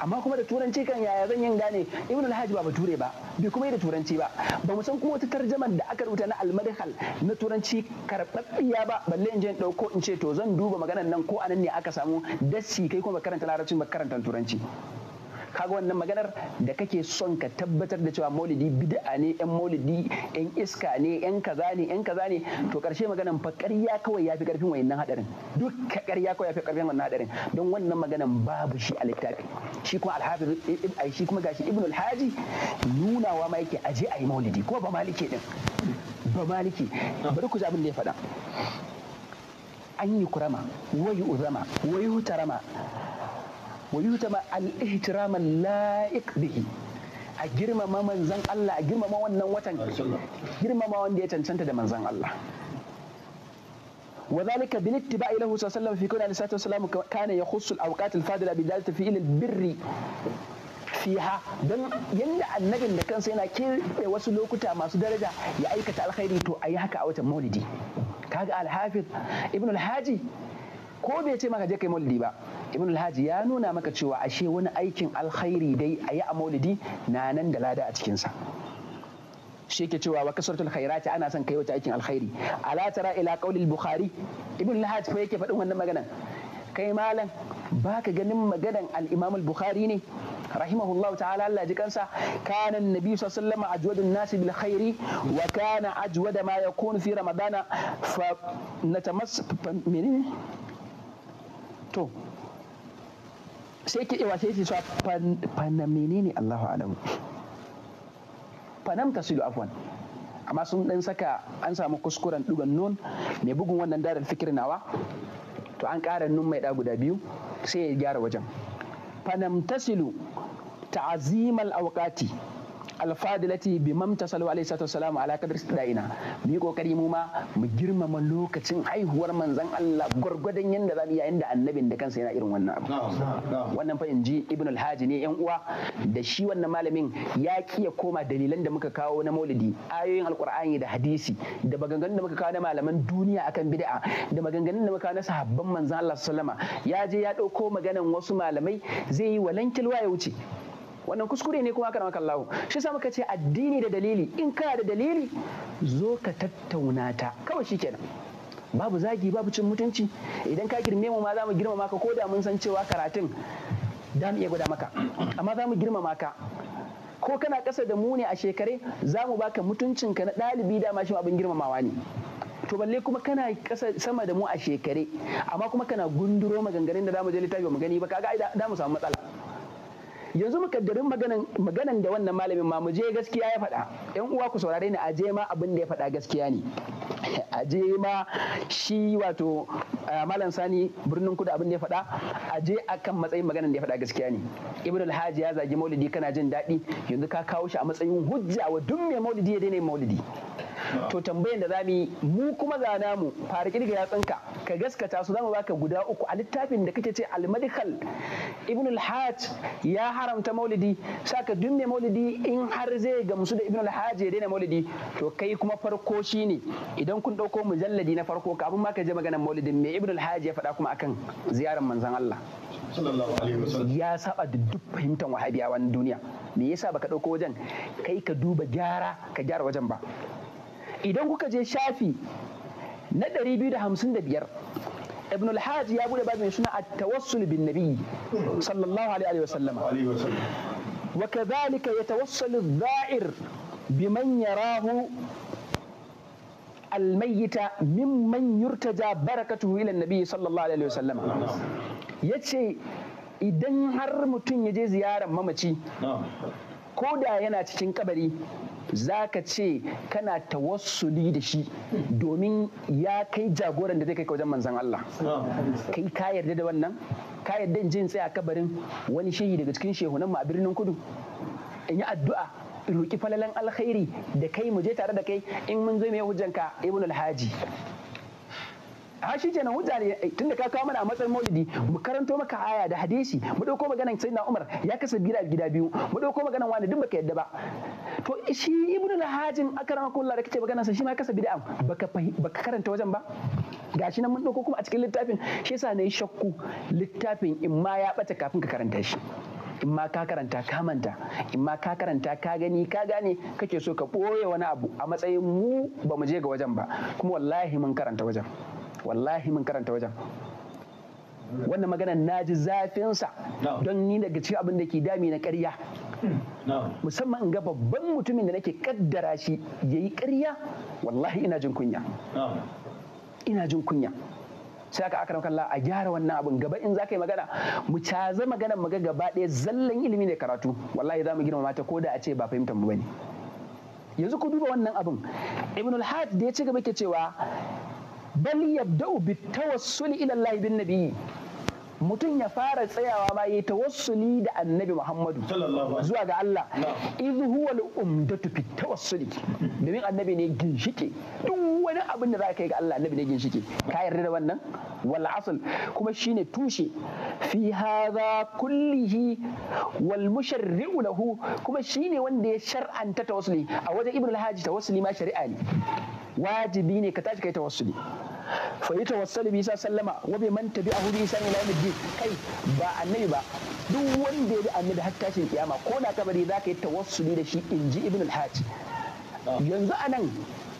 amma kuma da turanci kan yaya zan yin gane ibn alhaji ba bature ba bai kuma yi da turanci ba ba mu san kuma wata tarjaman da aka rubuta na almadhal na turanci karbabbiya ba balle in je in dauko in ce to zan duba maganar nan ko anan ne aka samu dasi kai kuma karanta larabcin ba karanta turanci kaga wannan maganar da kake son ka tabbatar da cewa maulidi bid'a ne yan maulidi yan iska ne yan kaza ne yan kaza ne to karshe maganan fa ƙarya kawai yafi karfin wayannan hadarin duk ƙarya kawai yafi karfin wannan hadarin don wannan maganan babu shi a littafi shi kuma alhafiz shi kuma gashi ibnul haji nunawa ma yake aje ayi maulidi ko ba maliki din ba maliki bari ku ji abin da ya faɗa an yi kurama wayu uzama wayu tarama wa yutama al-ihtiram al-la'iq bihi a girmama manzan Allah a girmama wannan watan girmama wanda ya cancanta da manzan Allah وذلك بالاتباع له صلى الله عليه وسلم في كون عليه الصلاه والسلام كان يخص الاوقات الفاضله بدلاله فعل البر fiha don yadda annabin da kansa yana keɓe wasu lokuta masu daraja ya aikata alkhairi to a yi haka a watan maulidi kaga alhafiz ibn alhaji ko bai ce maka je ka yi maulidi ba ibn alhaji ya nuna maka cewa ashe wani aikin alkhairi dai a yi a maulidi na nan da lada a cikinsa shi ke cewa wa kasar khairati ana son kai wata aikin alkhairi ala tara ila qaulil bukhari ibn alhaji fa yake faɗin wannan maganan kai malam baka ganin maganan al-imam al-bukhari ne rahimahullahu ta'ala Allah ji kansa kana annabi sallallahu alaihi wasallam ajwadun nas bil khairi wa kana ajwada ma yakunu fi ramadana fa natamass menene to sai ke ewa sai ke fa fanna menene Allahu alamu fanam tasilu afwan amma sun dan saka an samu kuskuren dugan nun mai bugun wannan darar fikir nawa to an ƙara nun mai guda biyu sai ya gyara wajen fanam tasilu ta'azimal awqati alfadilati bi mamta salu alaihi wasallam ala qadri sidaina mu yi kokari mu ma mu girmama lokacin haihuwar manzon Allah gwargwadon yanda zamu yayin da annabin da kansa yana irin wannan abu wannan fa inji ibn al ne yan uwa da shi wannan malamin ya kiya koma dalilan da muka kawo na maulidi ayoyin alqur'ani da hadisi da maganganun da muka kawo na malaman duniya akan bid'a da maganganun da muka kawo na sahabban manzon Allah sallama ya je ya dauko maganan wasu malamai zai yi walankil ya wuce wannan kuskure ne kuma kana kallahu shi yasa muka ce addini da dalili in kana da dalili zo ka tattauna ta kawai shikenan babu zagi babu cin mutunci idan ka girme mu ma za mu girmama ka ko da mun san cewa karatun da mu iya gwada maka amma za mu girmama ka ko kana ƙasa da mu ne a shekare za mu baka mutuncin ka na ɗalibi dama shi abin girmamawa ne to balle kuma kana ƙasa sama da mu a shekare amma kuma kana gunduro maganganun da za mu je littafi mu gani ba kaga ai da mu samu matsala yanzu mukaddarin maganan maganan da wannan malamin ma mu je gaskiya ya faɗa yan uwa ku saurare ni a je ma abin da ya faɗa gaskiya ne a je ma shi wato malam sani birnin kudu abin da ya faɗa a je akan matsayin maganan da ya faɗa gaskiya ne ibn alhaji ya zagi maulidi kana jin daɗi yanzu ka kawo shi a matsayin hujja wa duk mai maulidi ya daina maulidi to tambayan da zamu yi mu kuma za namu fara kirga yatsunka ka gaskata su zamu baka guda uku a littafin da kake ce al-madkhal ibn al-hajj ya haramta maulidi saka duk mai maulidi in har zai gamsu da ibn al-hajj ya daina maulidi to kai kuma farko shine idan kun dauko mujalladi na farko ka kafin ma ka je maganar maulidin me ibn al-hajj ya faɗa kuma akan ziyarar manzon Allah ya saba da duk fahimtar wani duniya me yasa baka dauko wajen kai ka duba gyara ka gyara wajen ba idan kuka je shafi na 255 ibn al-hajj ya bude babin suna at-tawassul bin nabi sallallahu alaihi wa sallama wa kadhalika yatawassalu adh-dha'ir biman yarahu الميت ممن يرتجى بركته الى النبي صلى الله عليه وسلم yace idan har mutum ya je ziyarar mamaci ko da yana cikin kabari za ka ce kana tawassuli da shi domin ya kai jagoran da zai kai wajen manzan Allah kai ka yarda da wannan ka yarda in jin in tsaya kabarin wani shehi daga cikin shehunan mu a birnin kudu in yi addu'a roki falalan alkhairi da kai mu je tare da kai in mun zo mai hujjanka ibn alhaji ha shi kenan hujja ne eh, tunda ka kawo mana a matsayin maulidi mu karanto maka aya da hadisi mu dauko maganan sayyidina Umar ya kasa gida gida biyu mu dauko maganan wani duk baka yadda ba to shi ibnu lahajin allah da kace magana sa shi ma kasa bid'a baka baka karanta wajen ba gashi nan mun dauko kuma a cikin littafin shi yasa nayi shakku littafin in ma ya bata kafin ka karanta shi in ma ka karanta ka manta in ma ka karanta ka gani ka gane kake so ka boye wani abu a matsayin mu ba mu je ga wajen ba kuma wallahi mun karanta wajen wallahi mun karanta wajen wannan magana na ji zafinsa don ni daga cikin abin da ke dami na karya musamman in ga babban mutumin da nake kaddara shi ya yi karya wallahi ina jin kunya ina jin kunya sai aka akaram kalla a gyara wannan abin gaba in za ka yi magana mu caza magana mu ga gaba ɗaya zallan ilimi ne karatu wallahi za mu girma mata ko da a ce ba fahimtar mu bane yanzu ku duba wannan abin ibn al da ya ci gaba ke cewa bal yabda'u bitawassul ila Allah bin nabi mutum ya fara tsayawa ma yayi tawassuli da annabi Muhammadu zuwa ga Allah idh huwa al-umdatu fit tawassuli domin annabi ne ginshike duk wani abin da za kai yi ga Allah annabi ne ginshike ka yarda da wannan wal asl kuma shine tushe fi hadha kullihi wal musharri'u lahu kuma shine wanda ya shar'anta tawassuli a wajen Ibnulhaji al-haji tawassuli ma shari'a ne wajibi ne ka tashi kai tawassuli fa yi tawassuli bi sallama wa bi man tabi'ahu bi isan ila yawmiddin kai ba annabi ba duk wanda ya bi annabi har tashin kiyama ko da kabari za ka yi tawassuli da shi inji ibn al-hajj yanzu anan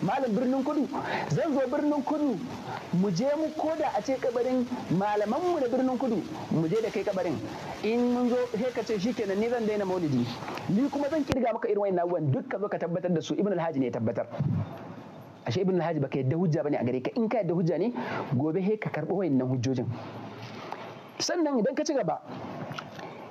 malam birnin kudu zan zo birnin kudu mu je mu koda a ce kabarin malaman mu da birnin kudu mu je da kai kabarin in mun zo sai ka ce shikenan ni zan daina maulidi ni kuma zan kirga maka irin wannan abubuwan ka zo ka tabbatar da su ibn al-haji ne ya tabbatar ashe ibn alhaji baka yadda hujja bane a gare ka in ka yadda hujja ne gobe he ka karɓi wayannan hujjojin sannan idan ka ci gaba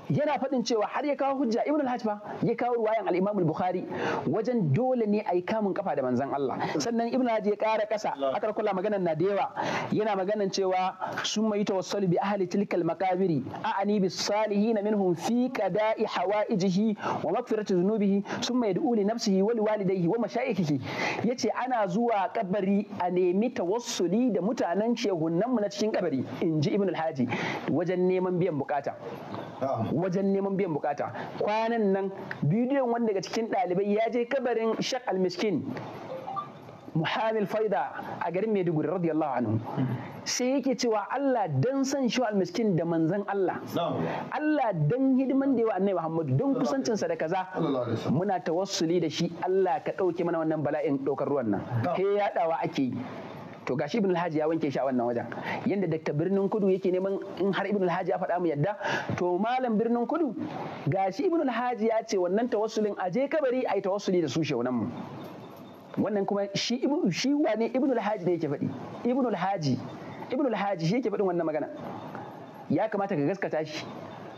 yana faɗin cewa har ya kawo hujja ibn al fa ya kawo ruwayan al-imam al-bukhari wajen dole ne a yi kamun kafa da manzon Allah sannan ibn al ya ƙara ƙasa akar kula maganar na da yawa yana maganar cewa sun mai tawassul bi ahli tilkal maqabiri a'ani bis salihin minhum fi qada'i hawaijihi wa maghfirati dhunubihi sun mai du'u li nafsihi wa liwalidayhi wa mashayikhihi yace ana zuwa kabari a nemi tawassuli da mutanen shehunnan mu na cikin kabari inji ibn al hajj wajen neman biyan bukata wajen neman biyan bukata kwanan nan bidiyon wanda daga cikin ɗalibai ya je kabarin shak almiskin muhamil faida a garin maiduguri radiyallahu anhu sai yake cewa Allah dan san shi almiskin da manzan Allah Allah dan hidiman da yawa annai Muhammadu don kusancin da kaza muna tawassuli da shi Allah ka ɗauke mana wannan bala'in ɗaukar ruwan nan he yaɗawa ake yi to gashi ibn alhaji ya wanke shi a wannan wajen yanda dakta birnin kudu yake neman in har ibn alhaji ya faɗa mu yadda to malam birnin kudu gashi ibn alhaji ya ce wannan tawassulin a je kabari a yi tawassuli da su shaunan mu wannan kuma shi ibn shi wane ibn alhaji ne yake faɗi ibn alhaji ibn alhaji shi yake faɗin wannan magana ya kamata ka gaskata shi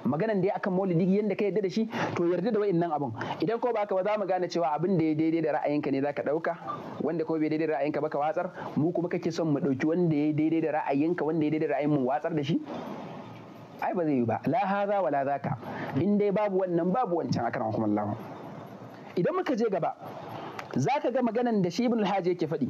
maganan dai akan maulidi yanda ka yarda da shi to yarda da wa'annan abun idan ko baka ba za mu gane cewa abin da ya daidai da ra'ayinka ne zaka dauka wanda ko bai daidai da ra'ayinka ba ka watsar mu kuma kake son mu dauki wanda ya daidai da ra'ayinka wanda ya daidai da ra'ayin mu watsar da shi ai ba zai yi ba la haza wala zaka in dai babu wannan babu wancan akran kuma Allah idan muka je gaba za ka ga maganan da shi ibn Haji yake faɗi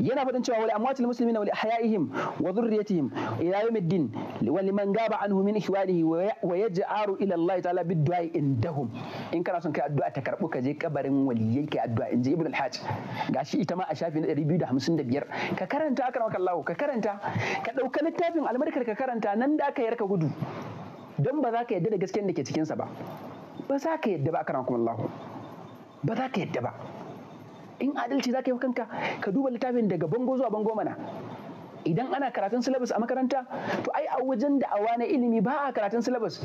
yana fadin cewa wali amwatul muslimina wali ahyaihim wa dhurriyyatihim ila yawmiddin wa liman gaba anhu min ihwalihi wa yaj'aru ila Allah ta'ala bid-du'a indahum in kana son kai addu'a ta karbu ka je kabarin waliyai kai addu'a in ji ibn al-hajj gashi ita ma a shafi na 255 ka karanta akramaka Allah ka karanta ka dauka littafin almarkar ka karanta nan da aka yarka gudu don ba za ka yadda da gaskiyar da ke cikinsa ba ba za ka yadda ba akramaka Allah ba za ka yadda ba in adalci za ka yi kanka ka duba littafin daga bango zuwa bango mana idan ana karatun silabus a makaranta to ai a wajen da awa na ilimi ba a karatun silabus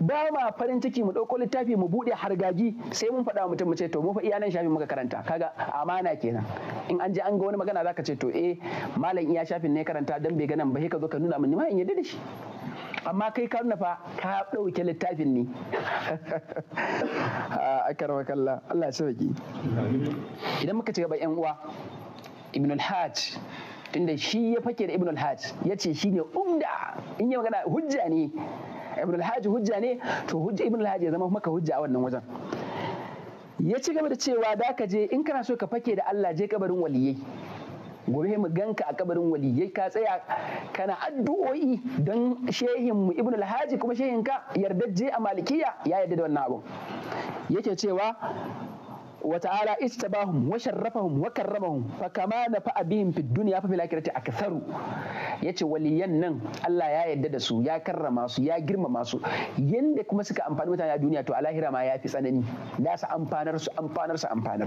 ba ma farin ciki mu ɗauko littafi mu buɗe hargagi sai mun faɗa mutum mu ce to mu fa iya shafi shafin muka karanta kaga amana kenan in an je an ga wani magana zaka ce to eh malam iya shafin ne karanta dan bai ganan ba sai ka zo ka nuna mun ma in yadda da shi amma kai ka fa ka ɗauke littafin ne a <laughs> ah, kalla Allah ya sauki idan muka ci gaba yan uwa ibnul hajj tunda shi ya fake da ibnul hajj ya ce shi ne umda in yi magana hujja ne ibnul hajj hujja ne to hujja ibnul hajj ya zama maka hujja a wannan wajen ya ci gaba da cewa da ka je in kana so ka fake da Allah je kabarin waliyai gobe mu ganka a kabarin waliyai ka tsaya kana addu'o'i don shehin mu ibnu alhaji kuma shehin ka je a malikiya ya yarda da wannan abun yake cewa wa ta'ala istabahum wa sharrafahum wa karramahum fa kama na fa abihim dunya fa aktharu yace waliyan nan Allah ya yarda da su ya karrama su ya girmama su yanda kuma suka amfani mutane a duniya to Alahira ma ya fi tsanani da su amfanar su amfanar su amfanar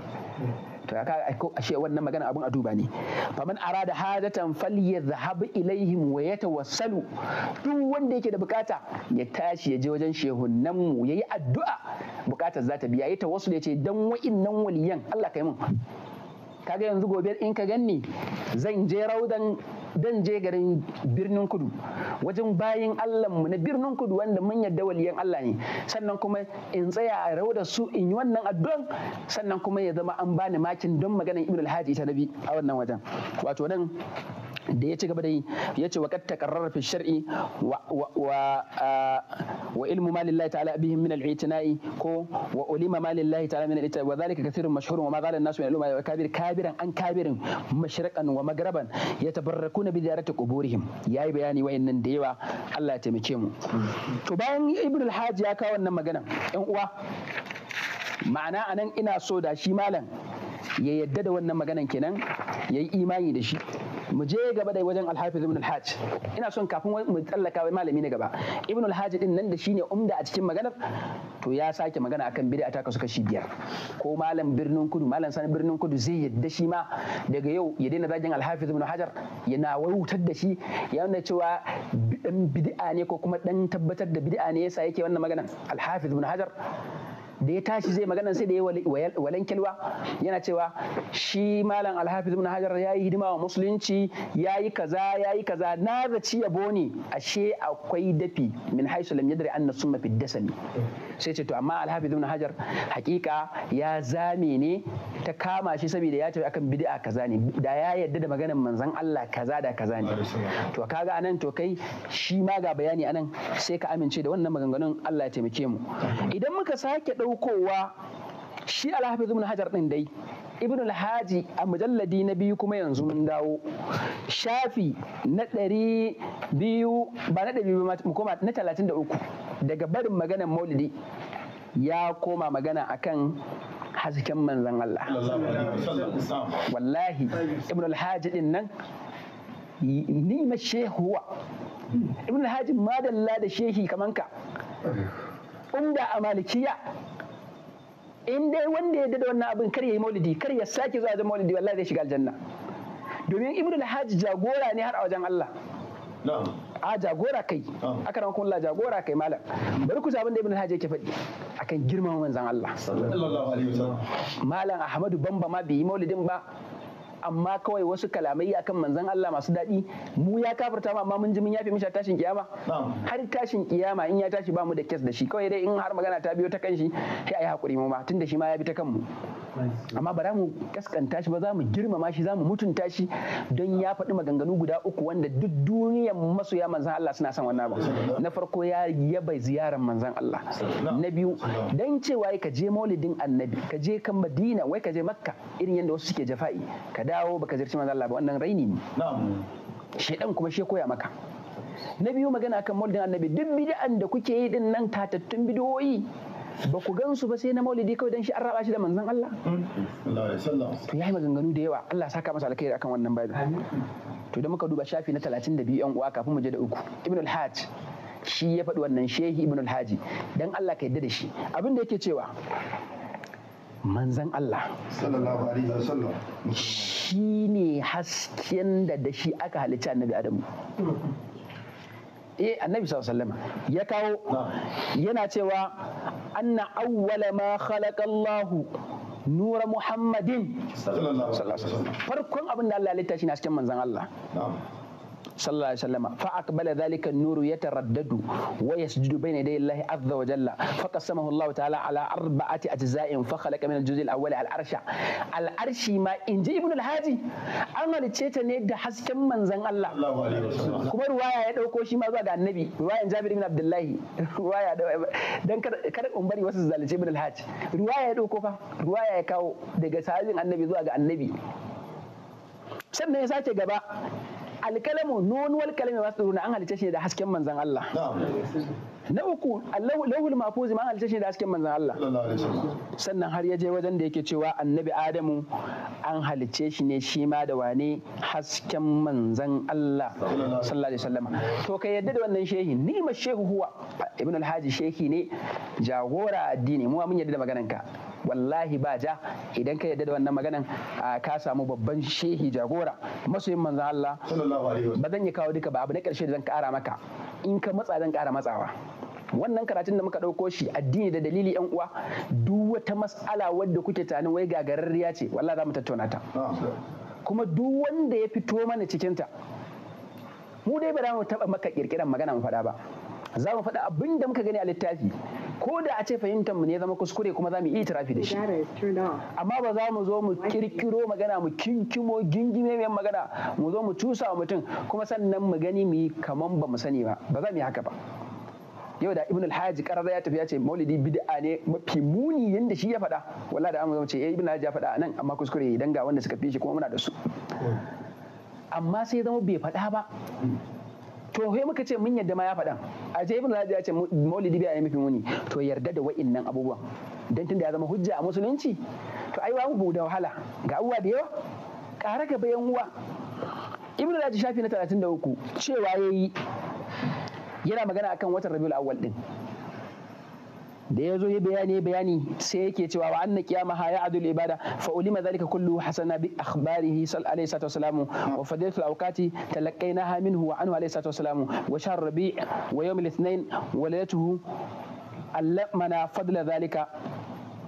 to ka ashe wannan magana abun a duba ne faman arada hadatan falyadhhab ilaihim wa yatawassalu duk wanda yake da bukata ya tashi ya je wajen shehunnan mu yayi addu'a bukatar za ta biya yayi tawassul yace dan wa'in wa'annan waliyan Allah kai mun kaga yanzu gobe in ka ganni zan je raudan dan je garin birnin kudu wajen bayin Allah na birnin kudu wanda mun yadda waliyan Allah ne sannan kuma in tsaya a rauda su in yi wannan addu'an sannan kuma ya zama an bani makin don maganar Ibn Alhaji ta nabi a wannan wajen wato nan da ya ci gaba da yi ya ce wa kad fi shar'i wa ilmu ma ta'ala bihim min al-i'tina'i ko wa ulima ma ta'ala min al-i'tina'i wa dhalika kathirun mashhurun wa ma qala an-nasu min al-umma kabir an kabirin mashriqan wa maghriban yatabarrakuna bi ziyarati Ya yi bayani wayannan da yawa Allah ya taimake mu to bayan ibn al ya kawo wannan magana yan uwa ma'ana anan ina so da shi malam ya yadda da wannan maganan kenan ya yi imani da shi mu je gaba da wajen alhafiz ibn alhaj ina son kafin mu tsallaka wai malami na gaba ibn alhaj din nan da shine umda a cikin maganar to ya sake magana akan bid'a ta kasu kashi biyar ko malam birnin kudu malam sani birnin kudu zai yadda shi ma daga yau ya daina zagin alhafiz ibn hajar yana wautar da shi ya nuna cewa dan bid'a ne ko kuma dan tabbatar da bid'a ne yasa yake wannan maganar alhafiz ibn hajar da ya tashi zai magana sai da ya walan kilwa yana cewa shi malam alhafiz ibn hajar ya yi hidima wa musulunci ya yi kaza ya yi kaza na ci yabo ne ashe akwai dafi min haisu lam yadri anna summa fi dasami sai ce to amma Alhafi ibn hajar hakika ya zame ne ta kama shi saboda ya tafi akan bid'a kaza ne da ya yadda da maganar manzon Allah kaza da kaza ne to kaga anan to kai shi ma ga bayani anan sai ka amince da wannan maganganun Allah ya taimake mu idan muka sake ɗaukowa shi alhafi zumun hajar ɗin dai ibn alhaji a mujalladi na biyu kuma yanzu mun dawo shafi na ɗari biyu ba na ɗari biyu koma na talatin da uku daga barin maganan maulidi ya koma magana akan hasken manzan Allah wallahi ibn alhaji ɗin nan ni ma shehuwa ibn alhaji madalla da shehi kamanka inda a malikiya in dai wanda ya dada wannan abin kar ya yi maulidi kar ya sake zuwa wajen maulidi wallahi zai shiga aljanna domin ibnu alhaji jagora ne har a wajen Allah a jagora kai aka ran kullu jagora kai malam bari ku sabon da ibnu alhaji yake faɗi akan girman manzon Allah sallallahu alaihi wasallam malam ahmadu bamba ma bai yi maulidin ba amma kawai wasu kalamai akan manzan Allah masu daɗi mu ya kafirta mu amma mun ji mun yafe mishi tashin kiyama har tashin kiyama in ya tashi ba mu da kes da shi kawai dai in har magana ta biyo ta kan shi sai ayi hakuri mu ma tunda shi ma ya bi ta kanmu amma ba za mu kaskanta shi ba za mu girmama shi za mu mutunta shi don ya faɗi maganganu guda uku wanda duk duniyar masoya manzan Allah suna son wannan abu na farko ya yaba ziyarar manzan Allah na biyu dan cewa ka je maulidin annabi ka je kan Madina wai ka je Makka irin yadda wasu suke jafa'i ka da dawo baka zirci manzo Allah ba wannan raini ne shedan kuma shi koya maka na biyu magana akan maulidin annabi duk bid'an da kuke yi din nan tatattun bidiyoyi ba ku gansu ba sai na maulidi kawai dan shi an raba shi da manzon Allah to yayi maganganu da yawa Allah saka masa alkhairi akan wannan bayanin to da muka duba shafi na 32 yan uwa kafin mu je da uku ibn al shi ya faɗi wannan shehi ibn al-haji dan Allah ka yadda da shi abin da yake cewa manzan Allah shi ne hasken da da shi aka halicci annabi Adamu eh annabi sallallahu alaihi ya kawo yana cewa anna awwala ma khalaqa Allah nura Muhammadin sallallahu alaihi wasallam farkon abin da Allah ya halitta shi ne hasken manzan Allah sallallahu alaihi wasallam fa aqbala dhalika an-nuru yataraddadu wa yasjudu bayna yaday Allah azza wa jalla fa qasamahu Allah ta'ala ala arba'ati ajza'in fa khalaqa min al-juz' al-awwal al-arsha al-arshi ma in inji ibn al-hadi an halice ta ne da hasken manzan Allah kuma ruwaya ya dauko shi ma zuwa ga annabi Ruwaya Jabir ibn Abdullahi <laughs> ruwaya dan kar in bari wasu zalunce ibn al-hadi ruwaya ya dauko fa ruwaya ya kawo daga sahabin annabi zuwa ga annabi sannan ya sace gaba alkalamu nonuwal kalami ba su an halice shi da hasken manzan Allah na uku lauhul mafuzi ma halice shi da hasken manzan Allah sannan har ya je wajen da yake cewa annabi adamu an halice shi ne shi ma da wane hasken manzan Allah sallallahu alaihi wasallam to ka yadda da wannan shehi ni ma shehu huwa ibn alhaji shehi ne jagora addini mu mun yadda da maganan wallahi ba ja idan ka yadda da wannan maganan ka samu babban shehi jagora masoyin manzan Allah ba zan yi kawo duka ba abu na karshe da zan kara maka in ka matsa zan kara matsawa wannan karatun da muka ɗauko shi addini da dalili yan uwa duk wata mas'ala wadda kuke tunanin wai gagararriya ce wallahi za mu tattauna ta kuma duk wanda ya fito mana cikin ta mu dai ba za mu taɓa maka ƙirƙiran magana mu faɗa ba za mu faɗa abin da muka gani a littafi ko da a ce fahimtar mu ne zama kuskure kuma za mu iya tirafi da shi amma ba za mu zo mu kirkiro magana mu kinkimo gingime mai magana mu zo mu tusa mutum kuma sannan mu gani mu yi kaman ba mu sani ba ba za mu yi haka ba yau da ibn alhaji karara ya tafi ya ce maulidi bid'a ne mafi muni yanda shi ya faɗa wallahi da amma ce eh ibn alhaji ya faɗa nan amma kuskure idan ga wanda suka fi shi kuma muna da su amma sai zama bai faɗa ba to sai muka ce mun yarda ma ya faɗan a ce ibn rajab ya ce maulidi bai mafi muni to yarda da wa'innan abubuwan dan tunda ya zama hujja a musulunci to ai babu da wahala ga uwa da yawa ƙara ga bayan uwa ibn rajab shafi na 33 cewa yayi yana magana akan watan rabiul awwal din da ya zo ya bayani bayani sai yake cewa wa anna qiyama haya adul ibada fa ulima zalika kullu hasana bi akhbarihi sallallahu alaihi wasallam wa fadilatul awqati talaqainaha minhu wa anhu alaihi wasallam wa shahr rabi' wa yawm al-ithnain wa laylatuhu allamana fadla zalika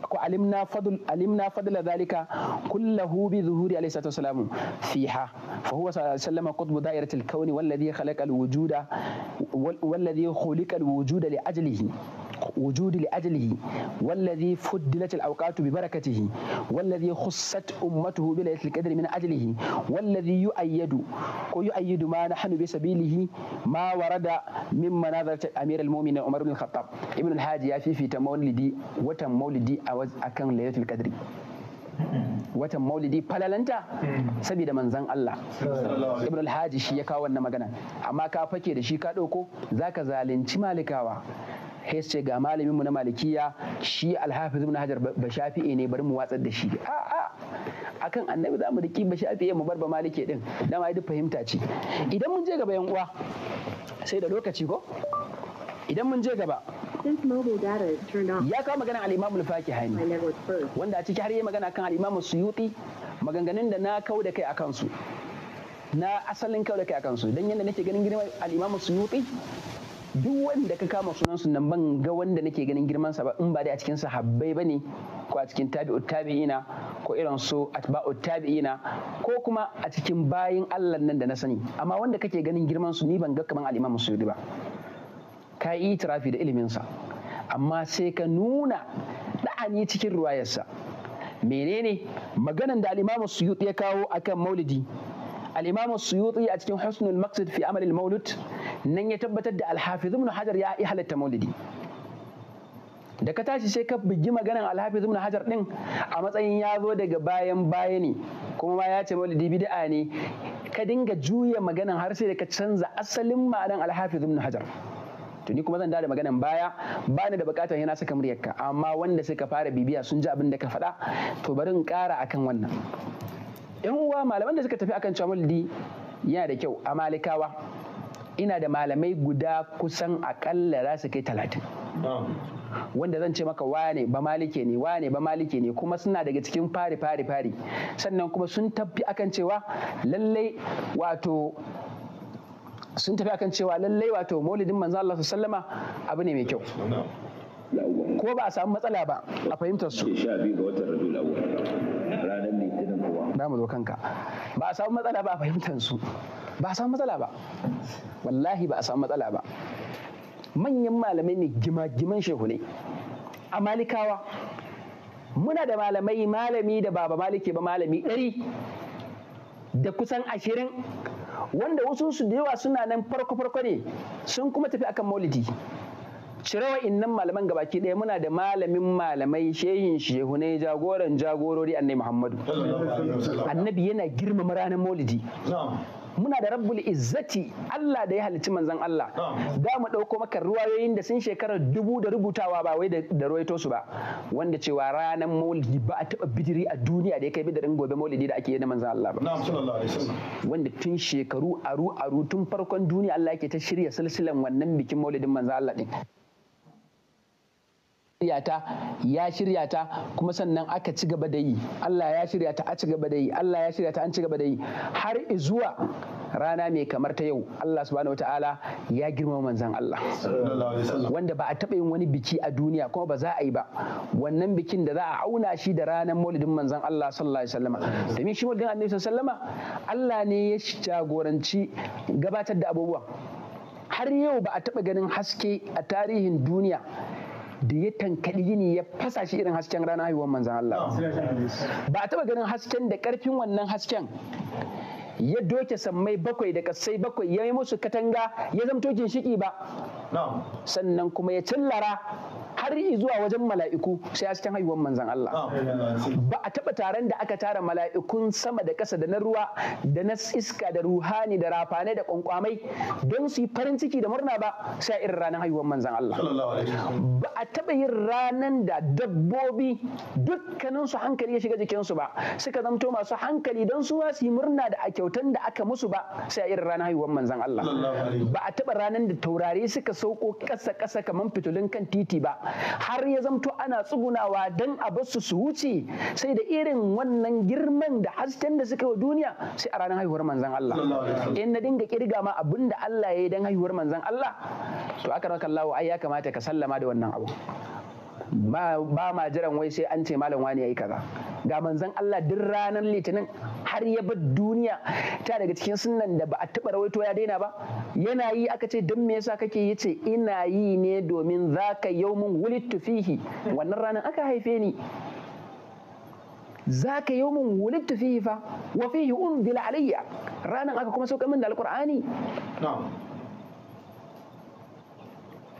ko alimna fadl alimna fadla dhalika kullahu bi zuhuri alayhi salatu wasalam fiha fa huwa sallama qutb da'irat al-kawn walladhi khalaqa al-wujuda walladhi khuliqa al-wujuda li ajlihi wujudi li ajlihi wallazi fuddilat al awqatu bi barakatihi wallazi khussat ummatuhu bi laylatil qadri min ajlihi yu'ayyadu ko ma nahnu bi sabilihi min manazarati amir mu'minin umar bin khattab ya watan maulidi falalanta saboda manzan Allah ibn al shi ya kawo wannan magana amma ka fake da shi ka ɗauko zaka zalunci malikawa sai ce ga malamin mu na malikiya shi alhafiz ibn hajar ba shafi'i ne bari mu watsar da shi a'a akan annabi za mu riki ba shafi'i mu bar ba maliki din dama duk fahimta ce idan mun je gaba yan uwa sai da lokaci ko idan mun je gaba ya kawo magana al'imamu faki haini wanda a ciki har yi magana kan al'imamu suyuti maganganun da na kawo da kai a kansu na asalin kawo da kai a kansu don yadda nake ganin girman al'imamu suyuti duk wanda ka kama sunan sunan ban ga wanda nake ganin girman sa ba in ba dai a cikin sahabbai bane ko a cikin tabi'ut tabi'ina ko irin su atba'ut tabi'ina ko kuma a cikin bayin Allah nan da na sani amma wanda kake ganin girman su ni ban ga kaman al-Imam Suyuti ba ka yi itirafi da ilimin sa amma sai ka nuna da'ani cikin ruwayarsa menene maganan da al-Imam Suyuti ya kawo akan Maulidi al-imam suyuti a cikin husnul maqsid fi amal al-maulud nan ya tabbatar da al-hafiz ibn hajar ya halatta maulidi da ka tashi sai ka bugi maganan Al-Hafiz ibn hajar din a matsayin ya zo daga bayan baya ne kuma ma ya ce maulidi bid'a ne ka dinga juya maganan har sai da ka canza asalin ma'anan hafiz ibn hajar to ni kuma zan dada maganan baya ba ni da bukatar yana saka muryarka amma wanda sai ka fara bibiya sun ji abin da ka faɗa to bari in ƙara akan wannan yan uwa malaman da suka tafi akan cewa maulidi yana da kyau a malikawa ina da malamai guda kusan akalla za su kai talatin wanda zan ce maka wane ba malike ne wane ba malike ne kuma suna daga cikin fari fari fari sannan kuma sun tafi akan cewa lallai wato sun tafi akan cewa lallai wato maulidin manzo Allah sallama abu ne mai kyau ko ba a samu matsala ba a fahimtar su da mu zo kanka ba a samu matsala ba a fahimtar su ba a samu matsala ba wallahi ba a samu matsala ba manyan malamai ne gima-giman shehu ne a malikawa muna da malamai malami da baba malike ba malami ɗari da kusan ashirin wanda wasu su da yawa suna nan farko-farko ne sun kuma tafi akan maulidi cire wa'innan malaman gabaki ɗaya muna da malamin malamai shehin ne jagoran jagorori annabi muhammadu annabi yana girmama ranar maulidi muna da rabbul izzati Allah da ya halicci manzan Allah da mu ɗauko maka ruwayoyin da sun shekarar dubu da rubutawa ba wai da ruwaito su ba wanda cewa ranar maulidi ba a taɓa bidiri a duniya da ya kai bidirin gobe maulidi da ake yi na manzon Allah ba wanda tun shekaru aru aru tun farkon duniya Allah yake ta shirya silsilan wannan bikin maulidin manzan Allah din shirya ta ya shirya ta kuma sannan aka ci gaba da yi Allah ya shirya ta a ci gaba da yi Allah ya shirya ta an ci gaba da yi har zuwa rana mai kamar ta yau Allah subhanahu wataala ya girma manzon Allah wanda ba a taba yin wani biki a duniya kuma ba za a yi ba wannan bikin da za a auna shi da ranar maulidin manzon Allah sallallahu alaihi wasallam domin shi maulidin annabi sallallahu alaihi wasallam Allah ne ya jagoranci gabatar da abubuwa har yau ba a taba ganin haske a tarihin duniya da ya tankaɗi yini ya fasa shi irin hasken ranar haihuwar manzan Allah ba a taɓa ganin hasken da ƙarfin wannan hasken ya doke sammai bakwai da ƙasai bakwai ya yi musu katanga ya zamto ginshiƙi ba sannan kuma ya cillara har zuwa wajen mala'iku sai a cikin haihuwar manzan Allah ba a taɓa taron da aka tara mala'ikun sama da kasa da na ruwa da na iska da ruhani da rafane da kwankwamai don su yi farin ciki da murna ba sai a irin ranar haihuwar manzan Allah ba a taba yin ranan da dabbobi dukkanin su hankali ya shiga jikin su ba suka zamto masu hankali don su su yi murna da a kyautan da aka musu ba sai a irin ranar haihuwar manzan Allah ba a taɓa ranar da taurari suka sauko ƙasa ƙasa kamar fitulun kan titi ba har ya zamto ana tsugunawa don a basu su wuce sai da irin wannan girman da hasken da suka yi duniya sai a ranar haihuwar manzan Allah in na dinga kirga ma abin da Allah ya yi don haihuwar manzan Allah to aka raka Allah ai ya kamata ka sallama da wannan abu ba ma jiran wai sai an ce malam wani ya yi kaza ga manzon Allah duk ranar litinin har ya bar duniya ta daga cikin sunan da ba a taɓa rawaito ya daina ba yana yi aka ce don me yasa kake yi ce ina yi ne domin zaka yaumin wulittu fihi wannan ranar aka haife ni zaka yaumin wulittu fihi fa wa fihi unzila alayya ranar aka kuma sauka min da alqur'ani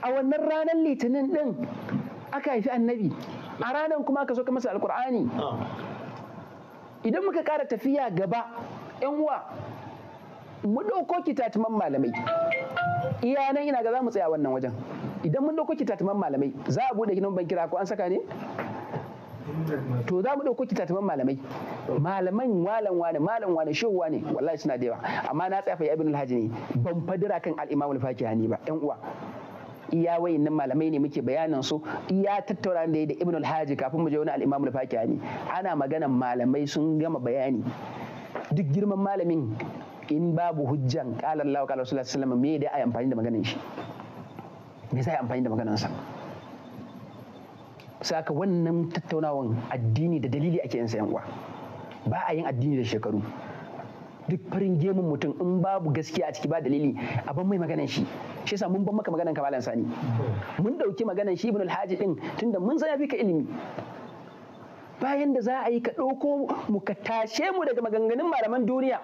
a wannan ranar litinin din aka haifi annabi a ranar kuma so sauka masa alkur'ani ah. idan muka ƙara tafiya gaba yan uwa mu ɗauko kitatuman malamai iya nan ina ga za mu tsaya wannan wajen idan mun ɗauko kitatuman malamai za a buɗe gidan bankira ko an saka ne to za mu ɗauko kitatuman malamai malaman walan wane malam wane shehu wane wallahi suna da yawa amma na tsafa ya ibn alhaji ne ban fadira kan al-imam al-fakihani ba yan uwa iya wayannan malamai ne muke bayanin su iya tattaura da da Ibn al-Haji kafin mu je wani al-Imam al-Fakihani ana maganan malamai sun gama bayani duk girman malamin in babu hujjan qala Allah qala rasulullahi sallallahu alaihi wasallam me da ai amfani da maganar shi me sai amfani da maganar sa saka wannan tattaunawan addini da dalili ake yin sa yan uwa ba a yin addini da shekaru duk farin gemun mutum in babu gaskiya a ciki ba dalili a ban mai maganan shi shi yasa mun ban maka maganan ka malam sani mun dauki maganan shi ibn alhaji din tunda mun san fi ka ilimi bayan da za a yi ka ɗauko mu ka tashe mu daga maganganun malaman duniya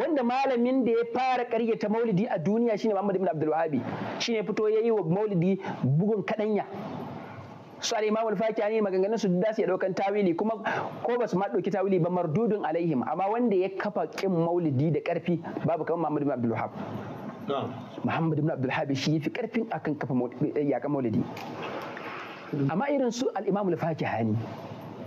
wanda malamin da ya fara ta maulidi a duniya shine Muhammad ibn Abdul Wahhabi shine fito yayi wa maulidi bugun kadanya su al imam al-fakiya ne maganganun su da su ya daukan tawili kuma ko ba su ma dauki tawili ba mardudun alaihim amma wanda ya kafa kin maulidi da karfi babu kamar Muhammad ibn Abdul Wahhab Muhammad ibn Abdul Wahhab shi yafi karfin akan kafa eh, yakan maulidi amma irin su al-imam al-fakiya ne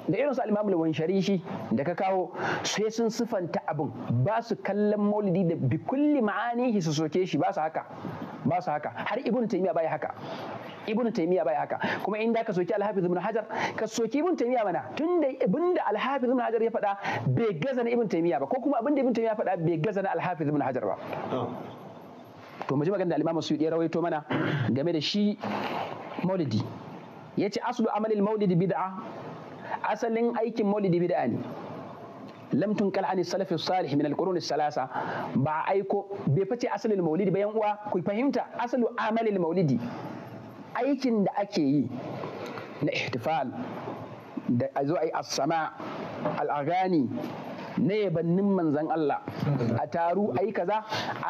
da irin su al-imam al-wanshari shi da ka kawo sai sun sifanta abin ba su kallon maulidi da bi kulli ma'anihi su soke shi ba su haka ba su haka har ibn taymiya bai haka ibnu taymiya bai haka kuma in da ka soki alhafiz hafiz ibnu hajar ka soki ibnu taymiya mana tunda abinda alhafiz hafiz ibnu hajar ya faɗa bai gaza na ibnu taymiya ba ko kuma abinda ibnu taymiya ya faɗa bai gaza na alhafiz ibnu hajar ba oh. to mu ji magana da al-imam suyuti ya rawaito mana game da shi maulidi yace aslu amalil maulidi bid'a asalin aikin maulidi bid'a ne lam tunqal an salaf salih min al al salasa ba aiko bai fice asalin maulidi ba yan uwa ku fahimta asalu amalil maulidi aikin da ake yi na ihtifal da a zo a yi asama al'agani na yabannin manzan Allah a taru a yi kaza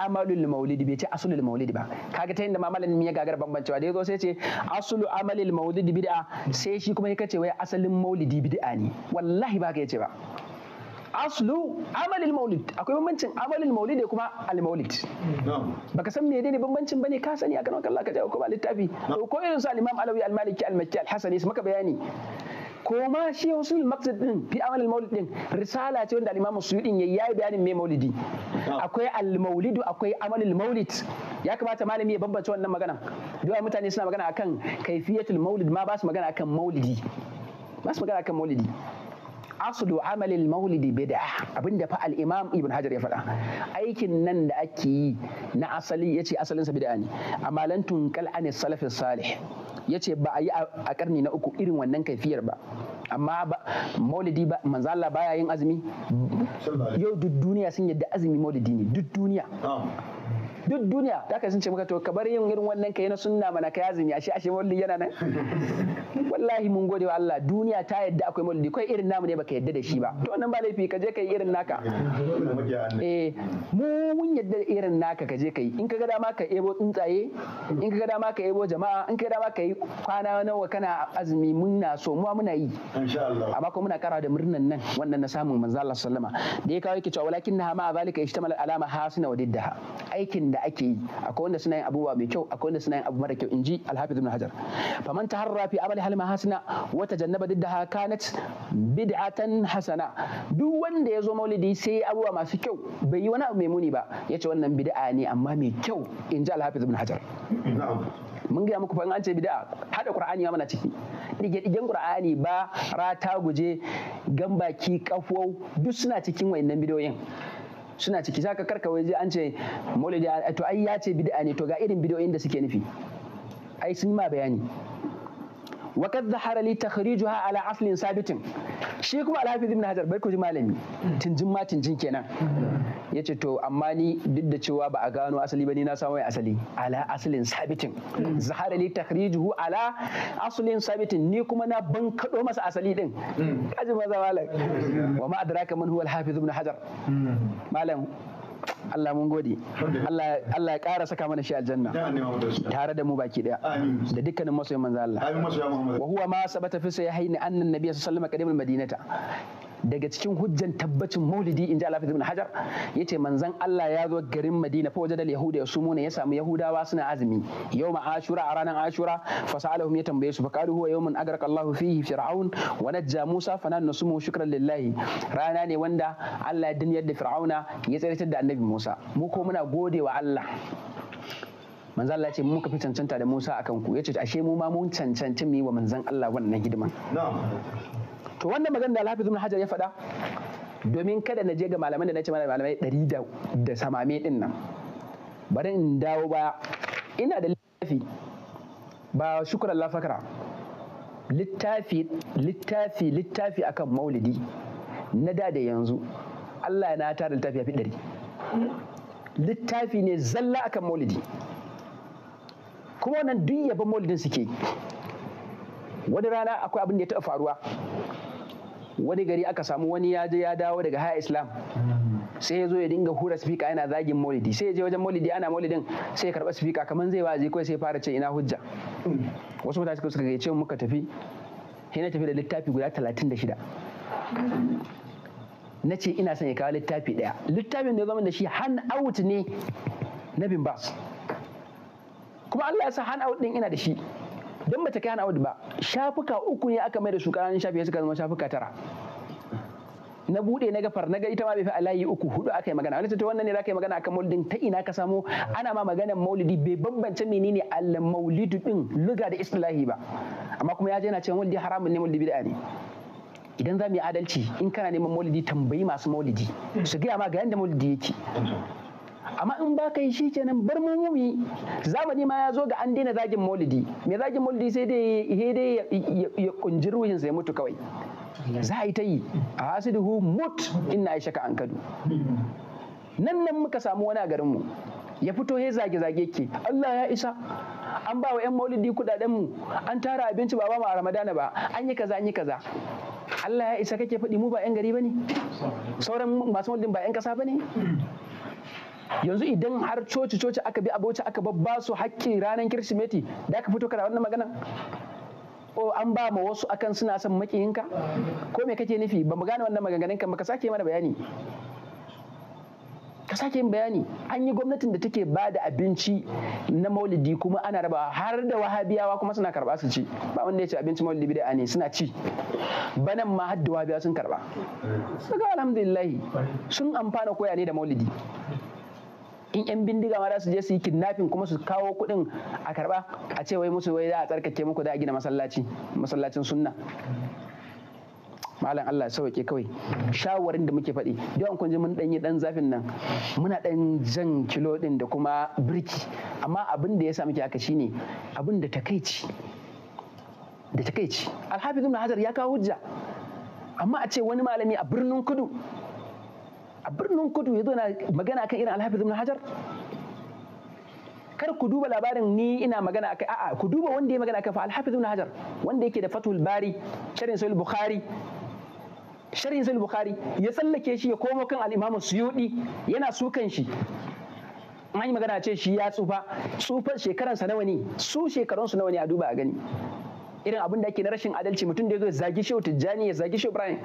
amalul maulidi bai ce asulul maulidi ba kaga ta yadda mamalin ya gagar bambancewa da ya sai ce asulu amalil maulidi bid'a sai shi kuma ya kace wai asalin maulidi bid'a ne wallahi ba ka yace ba aslu amalil maulid akwai bambancin amalil maulid da kuma al maulid baka san me ne bambancin bane ka sani akan Allah ka jawo kuma littafi to ko irin su al imam alawi al maliki al makki al hasani su maka bayani ko ma shi usul maqsad din fi amalil maulid din risala ce wanda al imam suyudin yayi yayi bayanin me maulidi akwai al maulidu akwai amalil maulid ya kamata malami ya bambance wannan magana duk mutane suna magana akan kaifiyatul maulid ma ba su magana akan maulidi ba su magana akan maulidi aslu amalil maulidi bid'a abinda fa al-imam ibn hajar ya faɗa aikin nan da ake yi na asali yace asalin sa bid'a ne amma lan tunkal an salaf salih yace ba a yi a karni na uku irin wannan kaifiyar ba amma maulidi ba manzo Allah baya yin azumi yau duk duniya sun yadda azumi maulidi ne duk duniya duk duniya da ka sun ce maka to ka bar yin irin wannan kai na sunna mana ka yazumi ashe ashe maulidi yana nan <laughs> wallahi mun gode wa Allah duniya ta yadda akwai maulidi kai irin namu ne baka yadda da shi ba to wannan ba laifi ka je kai irin naka eh mu mun yadda irin naka ka je kai in ka ga dama ka ebo tsuntsaye in ka ga dama ka ebo jama'a in ka ga dama ka yi kwana nawa kana azumi muna so mu muna yi insha Allah amma kuma muna kara da murnan nan wannan na samun manzo Allah sallama da ya kawo yake cewa walakin na ma zalika ishtamal alama hasina wa diddaha aikin da da ake yi akwai wanda suna yin abubuwa mai kyau akwai wanda suna yin abu mara kyau inji alhafiz ibn hajar faman taharra fi amali halma hasana wa tajannaba diddaha kanat bid'atan hasana duk wanda ya zo maulidi sai abubuwa masu kyau bai yi wani abu mai muni ba Ya ce wannan bid'a ne amma mai kyau inji alhafiz ibn hajar mun gaya muku in an ce bid'a hada qur'ani ma mana ciki dige digen qur'ani ba rata guje gambaki kafo, duk suna cikin wayannan bidoyin suna ciki saka karka waje an ce maulidi to ai ya ce bid'a ne to ga irin bidiyoyin da suke nufi ai sun ma bayani wa kad zahara li takhrijuha ala aslin sabitin shi kuma Alhafi hafiz ibn hajar bai kuji malami tinjin ma tinjin kenan yace to amma ni duk da cewa ba a gano asali ba ni na samu asali ala aslin sabitin zahara li takhrijuhu ala aslin sabitin ni kuma na ban bankado masa asali din kaji maza malam wa ma adraka man huwa al ibn hajar malam Allah mun gode Allah ya ƙara saka mana shi aljanna tare da mu baki daya da dukkanin masoyin manzo Allah wa huwa ma sabata fi sahihaini anna an-nabiy sallallahu alaihi wasallam qadima madinata daga cikin hujjan tabbacin maulidi in ji alhafiz ibn hajar ya ce manzan allah ya zo garin madina fa wajadal yahuda ya sumo ne ya samu yahudawa suna azumi yau ma ashura a ranar ashura fa sa'alahum ya tambaye su fa qalu huwa yawmun agraka allah fihi fir'aun wa najja musa fa nan shukran lillahi rana ne wanda allah ya dinyar da fir'auna ya tsaritar da annabi musa mu ko muna gode wa allah manzo Allah ce muka fi cancanta da Musa akan ku yace ashe mu ma mun cancanci mu yi wa manzan Allah wannan hidima to wannan magana da alhafi Ibn Hajar ya faɗa domin kada na je ga malaman da na ce malamai ɗari da samame ɗin nan bari in dawo ba, ina da littafi ba shukur Allah fakara littafi littafi littafi akan maulidi na da da yanzu Allah na tara littafi ya fi ɗari littafi ne zalla akan maulidi kuma wannan duk yabon maulidin suke wani rana akwai abin da ya taɓa faruwa wani gari aka samu wani ya je ya dawo daga haya islam sai ya zo ya dinga hura sifika yana zagin maulidi sai ya je wajen maulidi ana maulidin sai ya karba sifika kamar zai wazi kawai sai fara ce ina hujja wasu mutane suka ce muka tafi sai na tafi da littafi guda talatin da shida na ce ina son ya kawo littafi daya littafin da ya zama da shi han out ne na bin bas kuma Allah ya sa han out ɗin ina da shi don ta kai hannu ba shafuka uku ne aka mai da su ƙananan shafi suka zama shafuka tara na bude na gafar na ga ita ma bai fi alayi uku hudu aka yi magana wani ta wannan ne za ka yi magana akan maulidin ta ina ka samo ana ma maganar maulidi bai bambance menene allah maulidu din luga da istilahi ba amma kuma ya je yana cewa maulidi haramun ne maulidi bid'a ne idan za mu yi adalci in kana neman maulidi tambayi masu maulidi su gaya ma ga yanda maulidi yake amma in ba ka yi shi kenan bar mu mu zamani ma ya zo ga an daina zagin maulidi me zagin maulidi sai dai dai ya kunji ruhin sai mutu kawai za a yi ta yi a hasiduhu mut inna aisha ka an kadu nan nan muka samu wani a garin mu ya fito ya zage-zage ke Allah ya isa an ba wa 'yan maulidi kudaden mu an tara abinci ba ba mu a ramadana ba an yi kaza an yi kaza Allah ya isa kake faɗi mu ba 'yan gari ba ne sauran masu maulidin ba 'yan kasa ba ne yanzu idan har coci coci aka bi abuci aka babba su hakki ranar kirsimeti da aka fito kana wannan maganan o an ba ma wasu akan suna son makiyinka ko me kake nufi ba mu gane wannan maganganun kan ka sake mana bayani ka sake yin bayani an yi gwamnatin da take ba da abinci na maulidi kuma ana raba har da wahabiyawa kuma suna karba su ci ba wanda ya ce abinci maulidi bid'a ne suna ci banan ma har da wahabiyawa sun karba daga alhamdulillah sun amfana koya ne da maulidi in yan bindiga ma za su je su yi kidnapping kuma su kawo kuɗin a karba a ce wai musu wai za a tsarkake muku da a gina masallaci masallacin sunna malam Allah sauke kawai shawarin da muke faɗi yawan kun ji mun ɗan yi dan zafin nan muna ɗan jan kilo din da kuma birki amma abin da ya sa muke haka shine abin da takaici da takaici alhafiz ibn hajar ya kawo hujja amma a ce wani malami a birnin kudu a birnin kudu ya zo na magana kan irin alhafiz ibn hajar kar ku duba labarin ni ina magana akai a'a ku duba wanda ya magana akai fa Alhafi ibn hajar wanda yake da fathul bari sharhin sahih bukhari sharhin sahih bukhari ya tsallake shi ya komo kan al-imam suyudi yana sukan shi an yi magana ce shi ya tsufa tsufar shekaransa nawa ne su shekaransu nawa ne a duba a gani irin abin da ake na rashin adalci mutum da ya zagi shehu tijjani ya zagi shehu ibrahim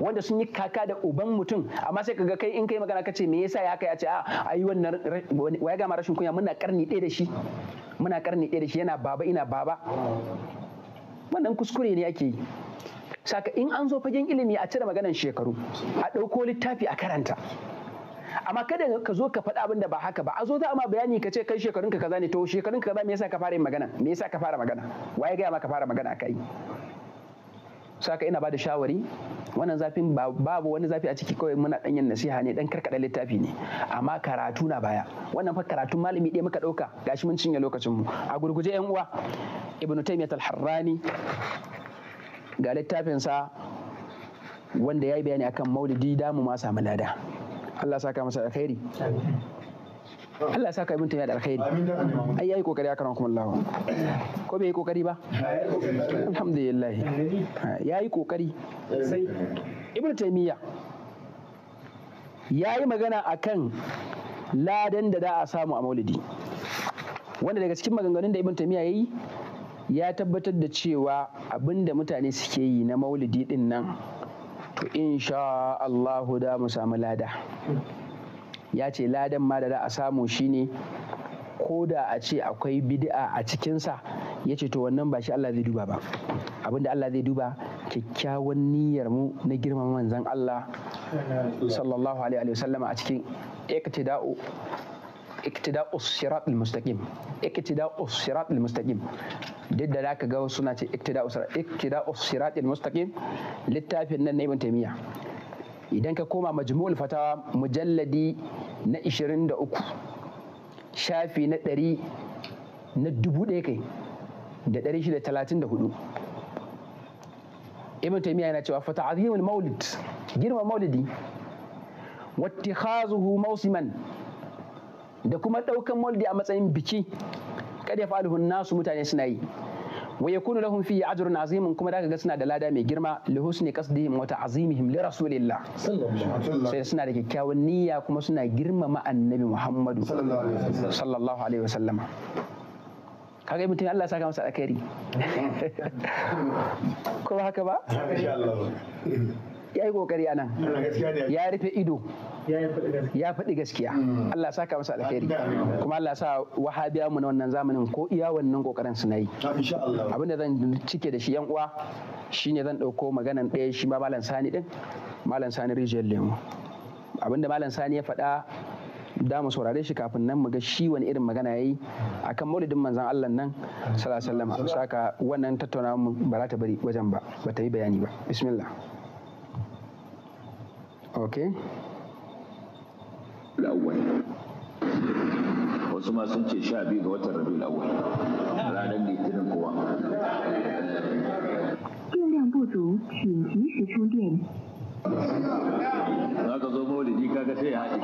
wanda sun yi kaka da uban mutum amma sai kaga kai in kai magana kace me yasa ya kai a ce a ah, ayi wannan waya gama rashin kunya muna karni ɗaya da shi muna karni ɗaya da shi yana baba ina baba wannan kuskure ne ake yi saka in an zo fagen ilimi a cire maganan shekaru a ɗauko littafi a karanta amma kada ka zo ka faɗa abin da ba haka ba a zo za a ma bayani ka ce kai shekarun ka kaza ne to shekarun ka kaza me yasa ka fara yin magana me yasa ka fara magana waye ga ma ka fara magana kai saka ina bada shawari wannan zafin babu wani zafi a ciki kawai muna dan yin nasiha ne dan karkada littafi ne amma karatu na baya wannan fa karatun malami ɗaya muka ɗauka gashi mun cinye lokacin mu a gurguje yan uwa ibnu taymiyah al-harrani ga littafinsa wanda ya yi bayani akan maulidi damu ma samu lada Allah saka masa alkhairi Allah ya saka ibn ya da alkhairi ai yayi kokari aka ranku Allah ko bai yi kokari ba alhamdulillah yayi kokari sai ibn taymiya yayi magana akan ladan da za a samu a maulidi wanda daga cikin maganganun da ibn taymiya yayi ya tabbatar da cewa abinda mutane suke yi na maulidi din nan insha Allahu da mu samu lada ya ce ladan ma da za a samu shine ko da a ce akwai bid'a a cikinsa ya ce to wannan ba shi Allah zai duba ba abinda Allah zai duba kyakkyawan niyyar mu na girman manzan Allah sallallahu alaihi wasallama a cikin iktida'u iktida'us duk da ga suna ce iktida'us littafin nan na idan ka koma majmu'ul fatawa mujalladi na 23 shafi na 100 na dubu ɗaya kai da 634 ibn taymiya yana cewa fata azimul maulid girma maulidi wattikhazuhu mawsiman da kuma ɗaukan maulidi a matsayin biki kada ya fa'aluhun nasu mutane suna yi wa yakunu lahum fihi ajrun azimun kuma zaka ga suna da lada mai girma li husni qasdihim wa ta'zimihim li rasulillah sai suna da kyakkyawan niyya kuma suna girmama annabi Muhammadu sallallahu alaihi wasallam kaga mutum Allah saka masa alkhairi <laughs> ko haka ba ya yi kokari a nan ya rufe ido ya faɗi gaskiya hmm. Allah sa ka masa alkhairi kuma Allah sa wahabiya mu na wannan zamanin ko iya wannan kokarin su nayi ah, abin da zan cike da shi yan uwa shine zan ɗauko maganan ɗaya shi ma malam sani din malam sani rijiyar lemu abin da malam sani ya faɗa da mu saurare shi kafin nan mu ga shi wani irin magana yayi akan maulidin manzon Allah nan sallallahu alaihi wasallam saka wannan tattaunawa mu ba ta bari wajen ba ba ta yi bayani ba bismillah ok awwal wasu ma sun ce sha biyu ga watan rabiul awwal ranar litinin kuwa Yin buzu, shi shi shi Na ka zo maulidi kaga sai ya haɗe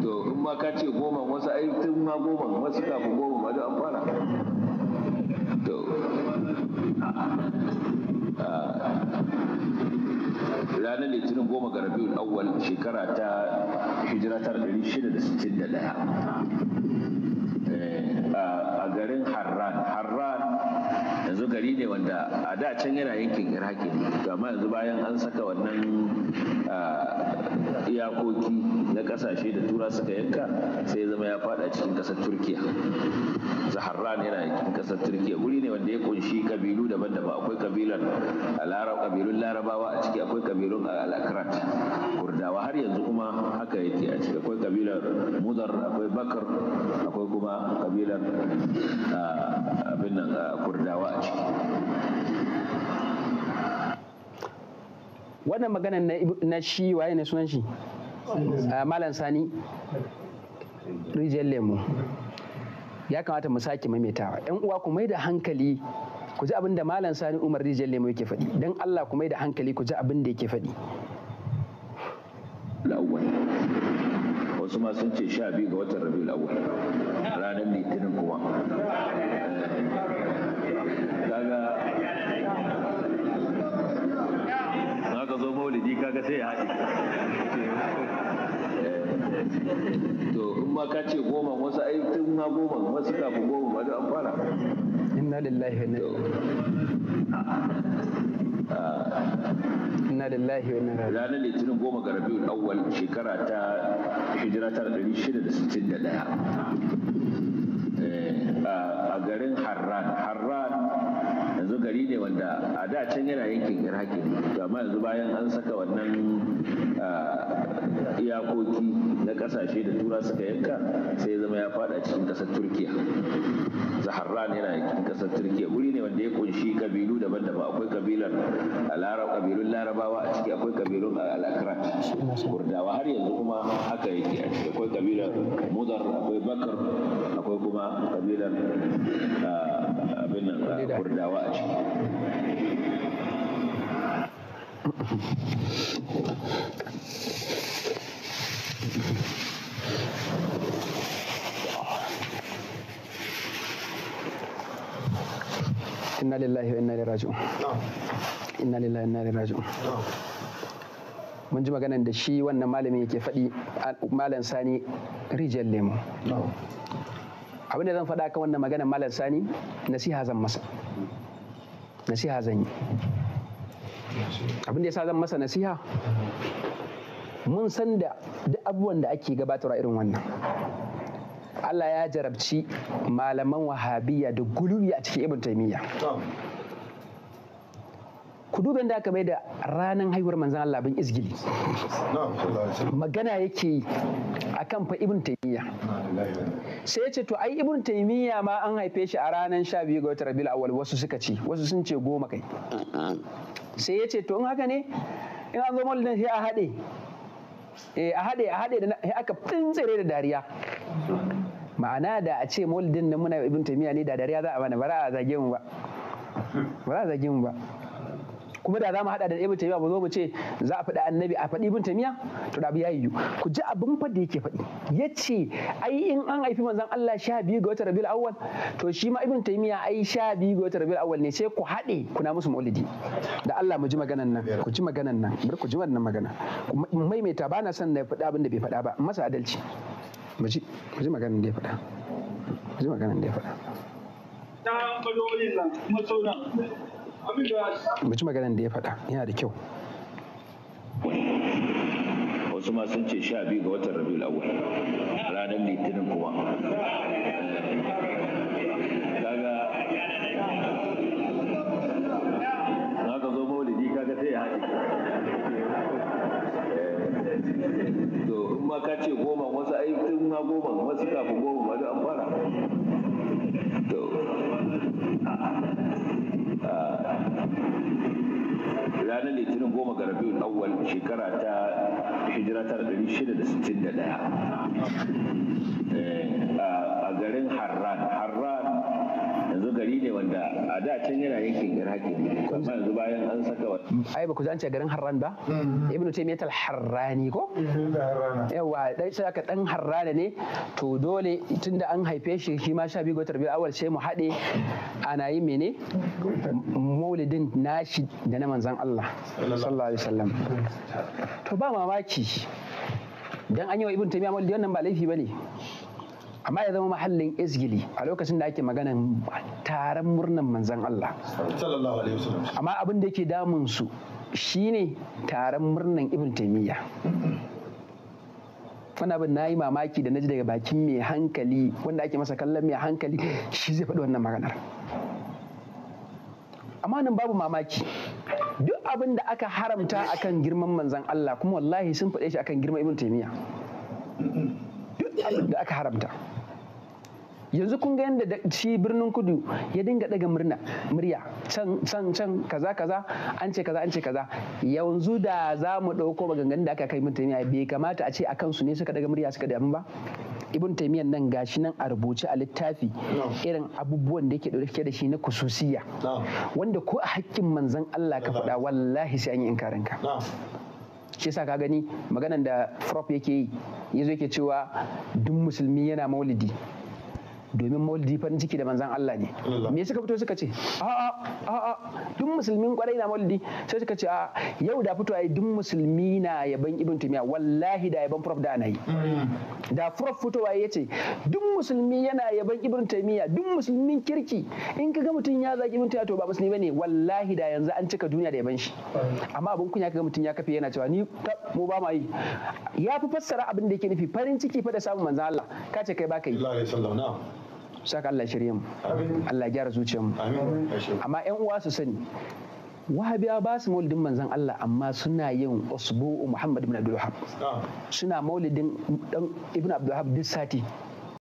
to in ma ka ce goma wasu ai tun ma goma wasu kafin goma ma duk an to ah. ranar litinin goma ga rabiul awwal shekara ta hijiratar 661 eh, a garin harran harran yanzu gari ne wanda a da can yana yankin iraki ne amma yanzu bayan an saka wannan iyakoki na kasashe da tura suka yanka sai zama ya fada cikin kasar turkiya zaharran yana cikin kasar turkiya wuri ne wanda ya kunshi kabilu daban-daban akwai kabilan kabilun larabawa a ciki akwai kabilun al'akrat kurdawa har yanzu kuma haka yake a ciki akwai kabilar mudar akwai bakar akwai kuma kabilar ah, abin nan ah, kurdawa a ciki wannan magana na shi waye ne sunan shi ah, malam sani rijiyar lemu ya kamata mu sake maimaitawa yan uwa ku mai da hankali ku ji abin da malam sani umar rijiyar lemu yake faɗi don allah ku mai da hankali ku ji abin da yake faɗi wasu ma sun ce sha biyu ga watan rabiul awwal ranar litinin kuma zo maulidi kaga sai ya haɗe to in ma ka ce goma wasu ai tun ma goma wasu kafin goma ma an fara inna lillahi inna lillahi wa inna ranar litinin goma ga rabiul awwal shekara ta hijira ta 661 eh, a garin harran harran gari ne wanda a da can yana yankin irhaki to amma yanzu bayan an saka wannan ah, iyakoki na kasashe da tura suka yanka sai ya zama ya fada cikin kasar turkiya zaharran yana cikin kasar turkiya wuri ne wanda ya kunshi kabilu daban-daban akwai kabilar kabilun larabawa a ciki akwai kabilun al'akrat kurdawa har yanzu kuma haka yake a ciki akwai kabilar mudar akwai bakar akwai kuma kabilar ah, abin ah, kurdawa a ciki inna lillahi wa inna ilaihi raji'un inna lillahi wa inna ilaihi raji'un mun ji maganan da shi wannan malamin yake faɗi malam sani rijiyar lemu abin da zan faɗa kan wannan maganan malam sani nasiha zan masa nasiha zan yi abin da ya sa zan masa nasiha mun san da duk abubuwan da ake gabatarwa irin wannan Allah ya jarabci malaman wahabiyya da guluwi a cikin ibn taimiyya ku duba da aka mai da ranar haihuwar manzan Allah bin izgili magana yake a kan fa ibn taimiyya sai ya ce to ai ibn taimiyya ma an haife shi a ranar sha biyu ga watan rabiul awwal wasu suka ce wasu sun ce goma kai sai ya ce to in haka ne in an zo maulidin sai a haɗe eh a haɗe a haɗe da aka tsintsire da dariya ma'ana da a ce maulidin na muna ibn tamiya ne da dariya za a ba za a zage mu ba ba za a zage mu ba kuma da za mu haɗa da ibn taymiya mu zo mu ce za a faɗi annabi a faɗi ibn taymiya to da abu ya yiwu ku ji abin fa da yake faɗi yace ai in an haifi manzon Allah sha biyu ga watan rabiul awwal to shi ma ibn taymiya ai sha biyu ga watan rabiul awwal ne sai ku haɗe kuna musu maulidi da Allah mu ji maganan nan ku ji maganan nan bari ku ji wannan magana maimaita ba na son na faɗi abin da bai faɗa ba masa adalci mu ji mu ji maganan da ya faɗa mu ji maganan da ya faɗa ta nan ji maganin da ya faɗa yana da kyau wasu ma sun ce sha biyu ga watan rabiul awwal ranar litinin kuma kaga za ka zo maulidi kaga sai ya haɗe to in ma ka ce goma wasu ai in ma goma wasu kafin goma ma an fara to ranar litinin goma ga rabiul awwal shekara ta hijira ta 661 eh, a garin harran gari ne wanda a da can yana yankin iraki kuma yanzu bayan an saka wata. ai ba ku ji an ce garin harran ba mm-hmm. ibnu taymiyyah al harrani ko mm-hmm, yawa dai sai aka dan harrana ne to dole tunda an haife shi shi ma sha biyu ga tarbiyyar awal sai mu haɗe ana yi mene maulidin nashi da na manzan Allah sallallahu alaihi wasallam to ba mamaki dan an yi wa ibnu taymiyyah maulidi wannan ba laifi bane amma ya zama mahallin izgili a lokacin da ake magana taron murnan manzan Allah amma abin da yake damun su shine taron murnan ibn taimiyya wani abin na yi mamaki da na ji daga bakin mai hankali wanda ake masa kallon mai hankali shi zai faɗi wannan maganar amma nan babu mamaki duk abin da aka haramta akan girman manzan Allah kuma wallahi sun faɗe shi akan girman ibn taimiyya duk abin da aka haramta yanzu kun ga yadda shi birnin kudu ya dinga daga murna murya can can can kaza kaza an ce kaza an ce kaza yanzu da za mu ɗauko maganganun da aka kai mun taimiya bai kamata a ce a kansu ne suka daga murya suka damu ba ibn taimiyyar nan gashi nan a rubuce a littafi irin abubuwan da yake dauke da shi na kususiya wanda ko a hakkin manzon Allah ka faɗa wallahi sai an yi inkarin ka shi sa ka gani maganan da prop yake yi yazo yake cewa duk musulmi yana maulidi domin maulidi farin ciki da manzan Allah ne me suka fito suka ce a'a a'a duk musulmin kwarai na maulidi sai suka ce a yau da fito ai duk musulmi na yaban ibn tumiya wallahi da yaban prof da ana yi mm. da prof fitowa ya ce duk musulmi yana yaban ibn tumiya duk musulmin kirki in ka ga mutum ya zaki ibn tumiya to ba musulmi bane wallahi da yanzu an cika duniya da yaban shi amma abun kunya kaga mutum ya kafe yana cewa ni mu ba ma yi ya fi fassara abin da yake nufi farin ciki fa da samun manzan Allah ka ce kai ba kai. ka Allah shirye mu Allah gyara zuciyar mu amma yan uwa su sani wahabiya ba su maulidin manzan Allah amma suna yin usbu'u Muhammad ibn Abdul suna maulidin dan ibn Abdul duk sati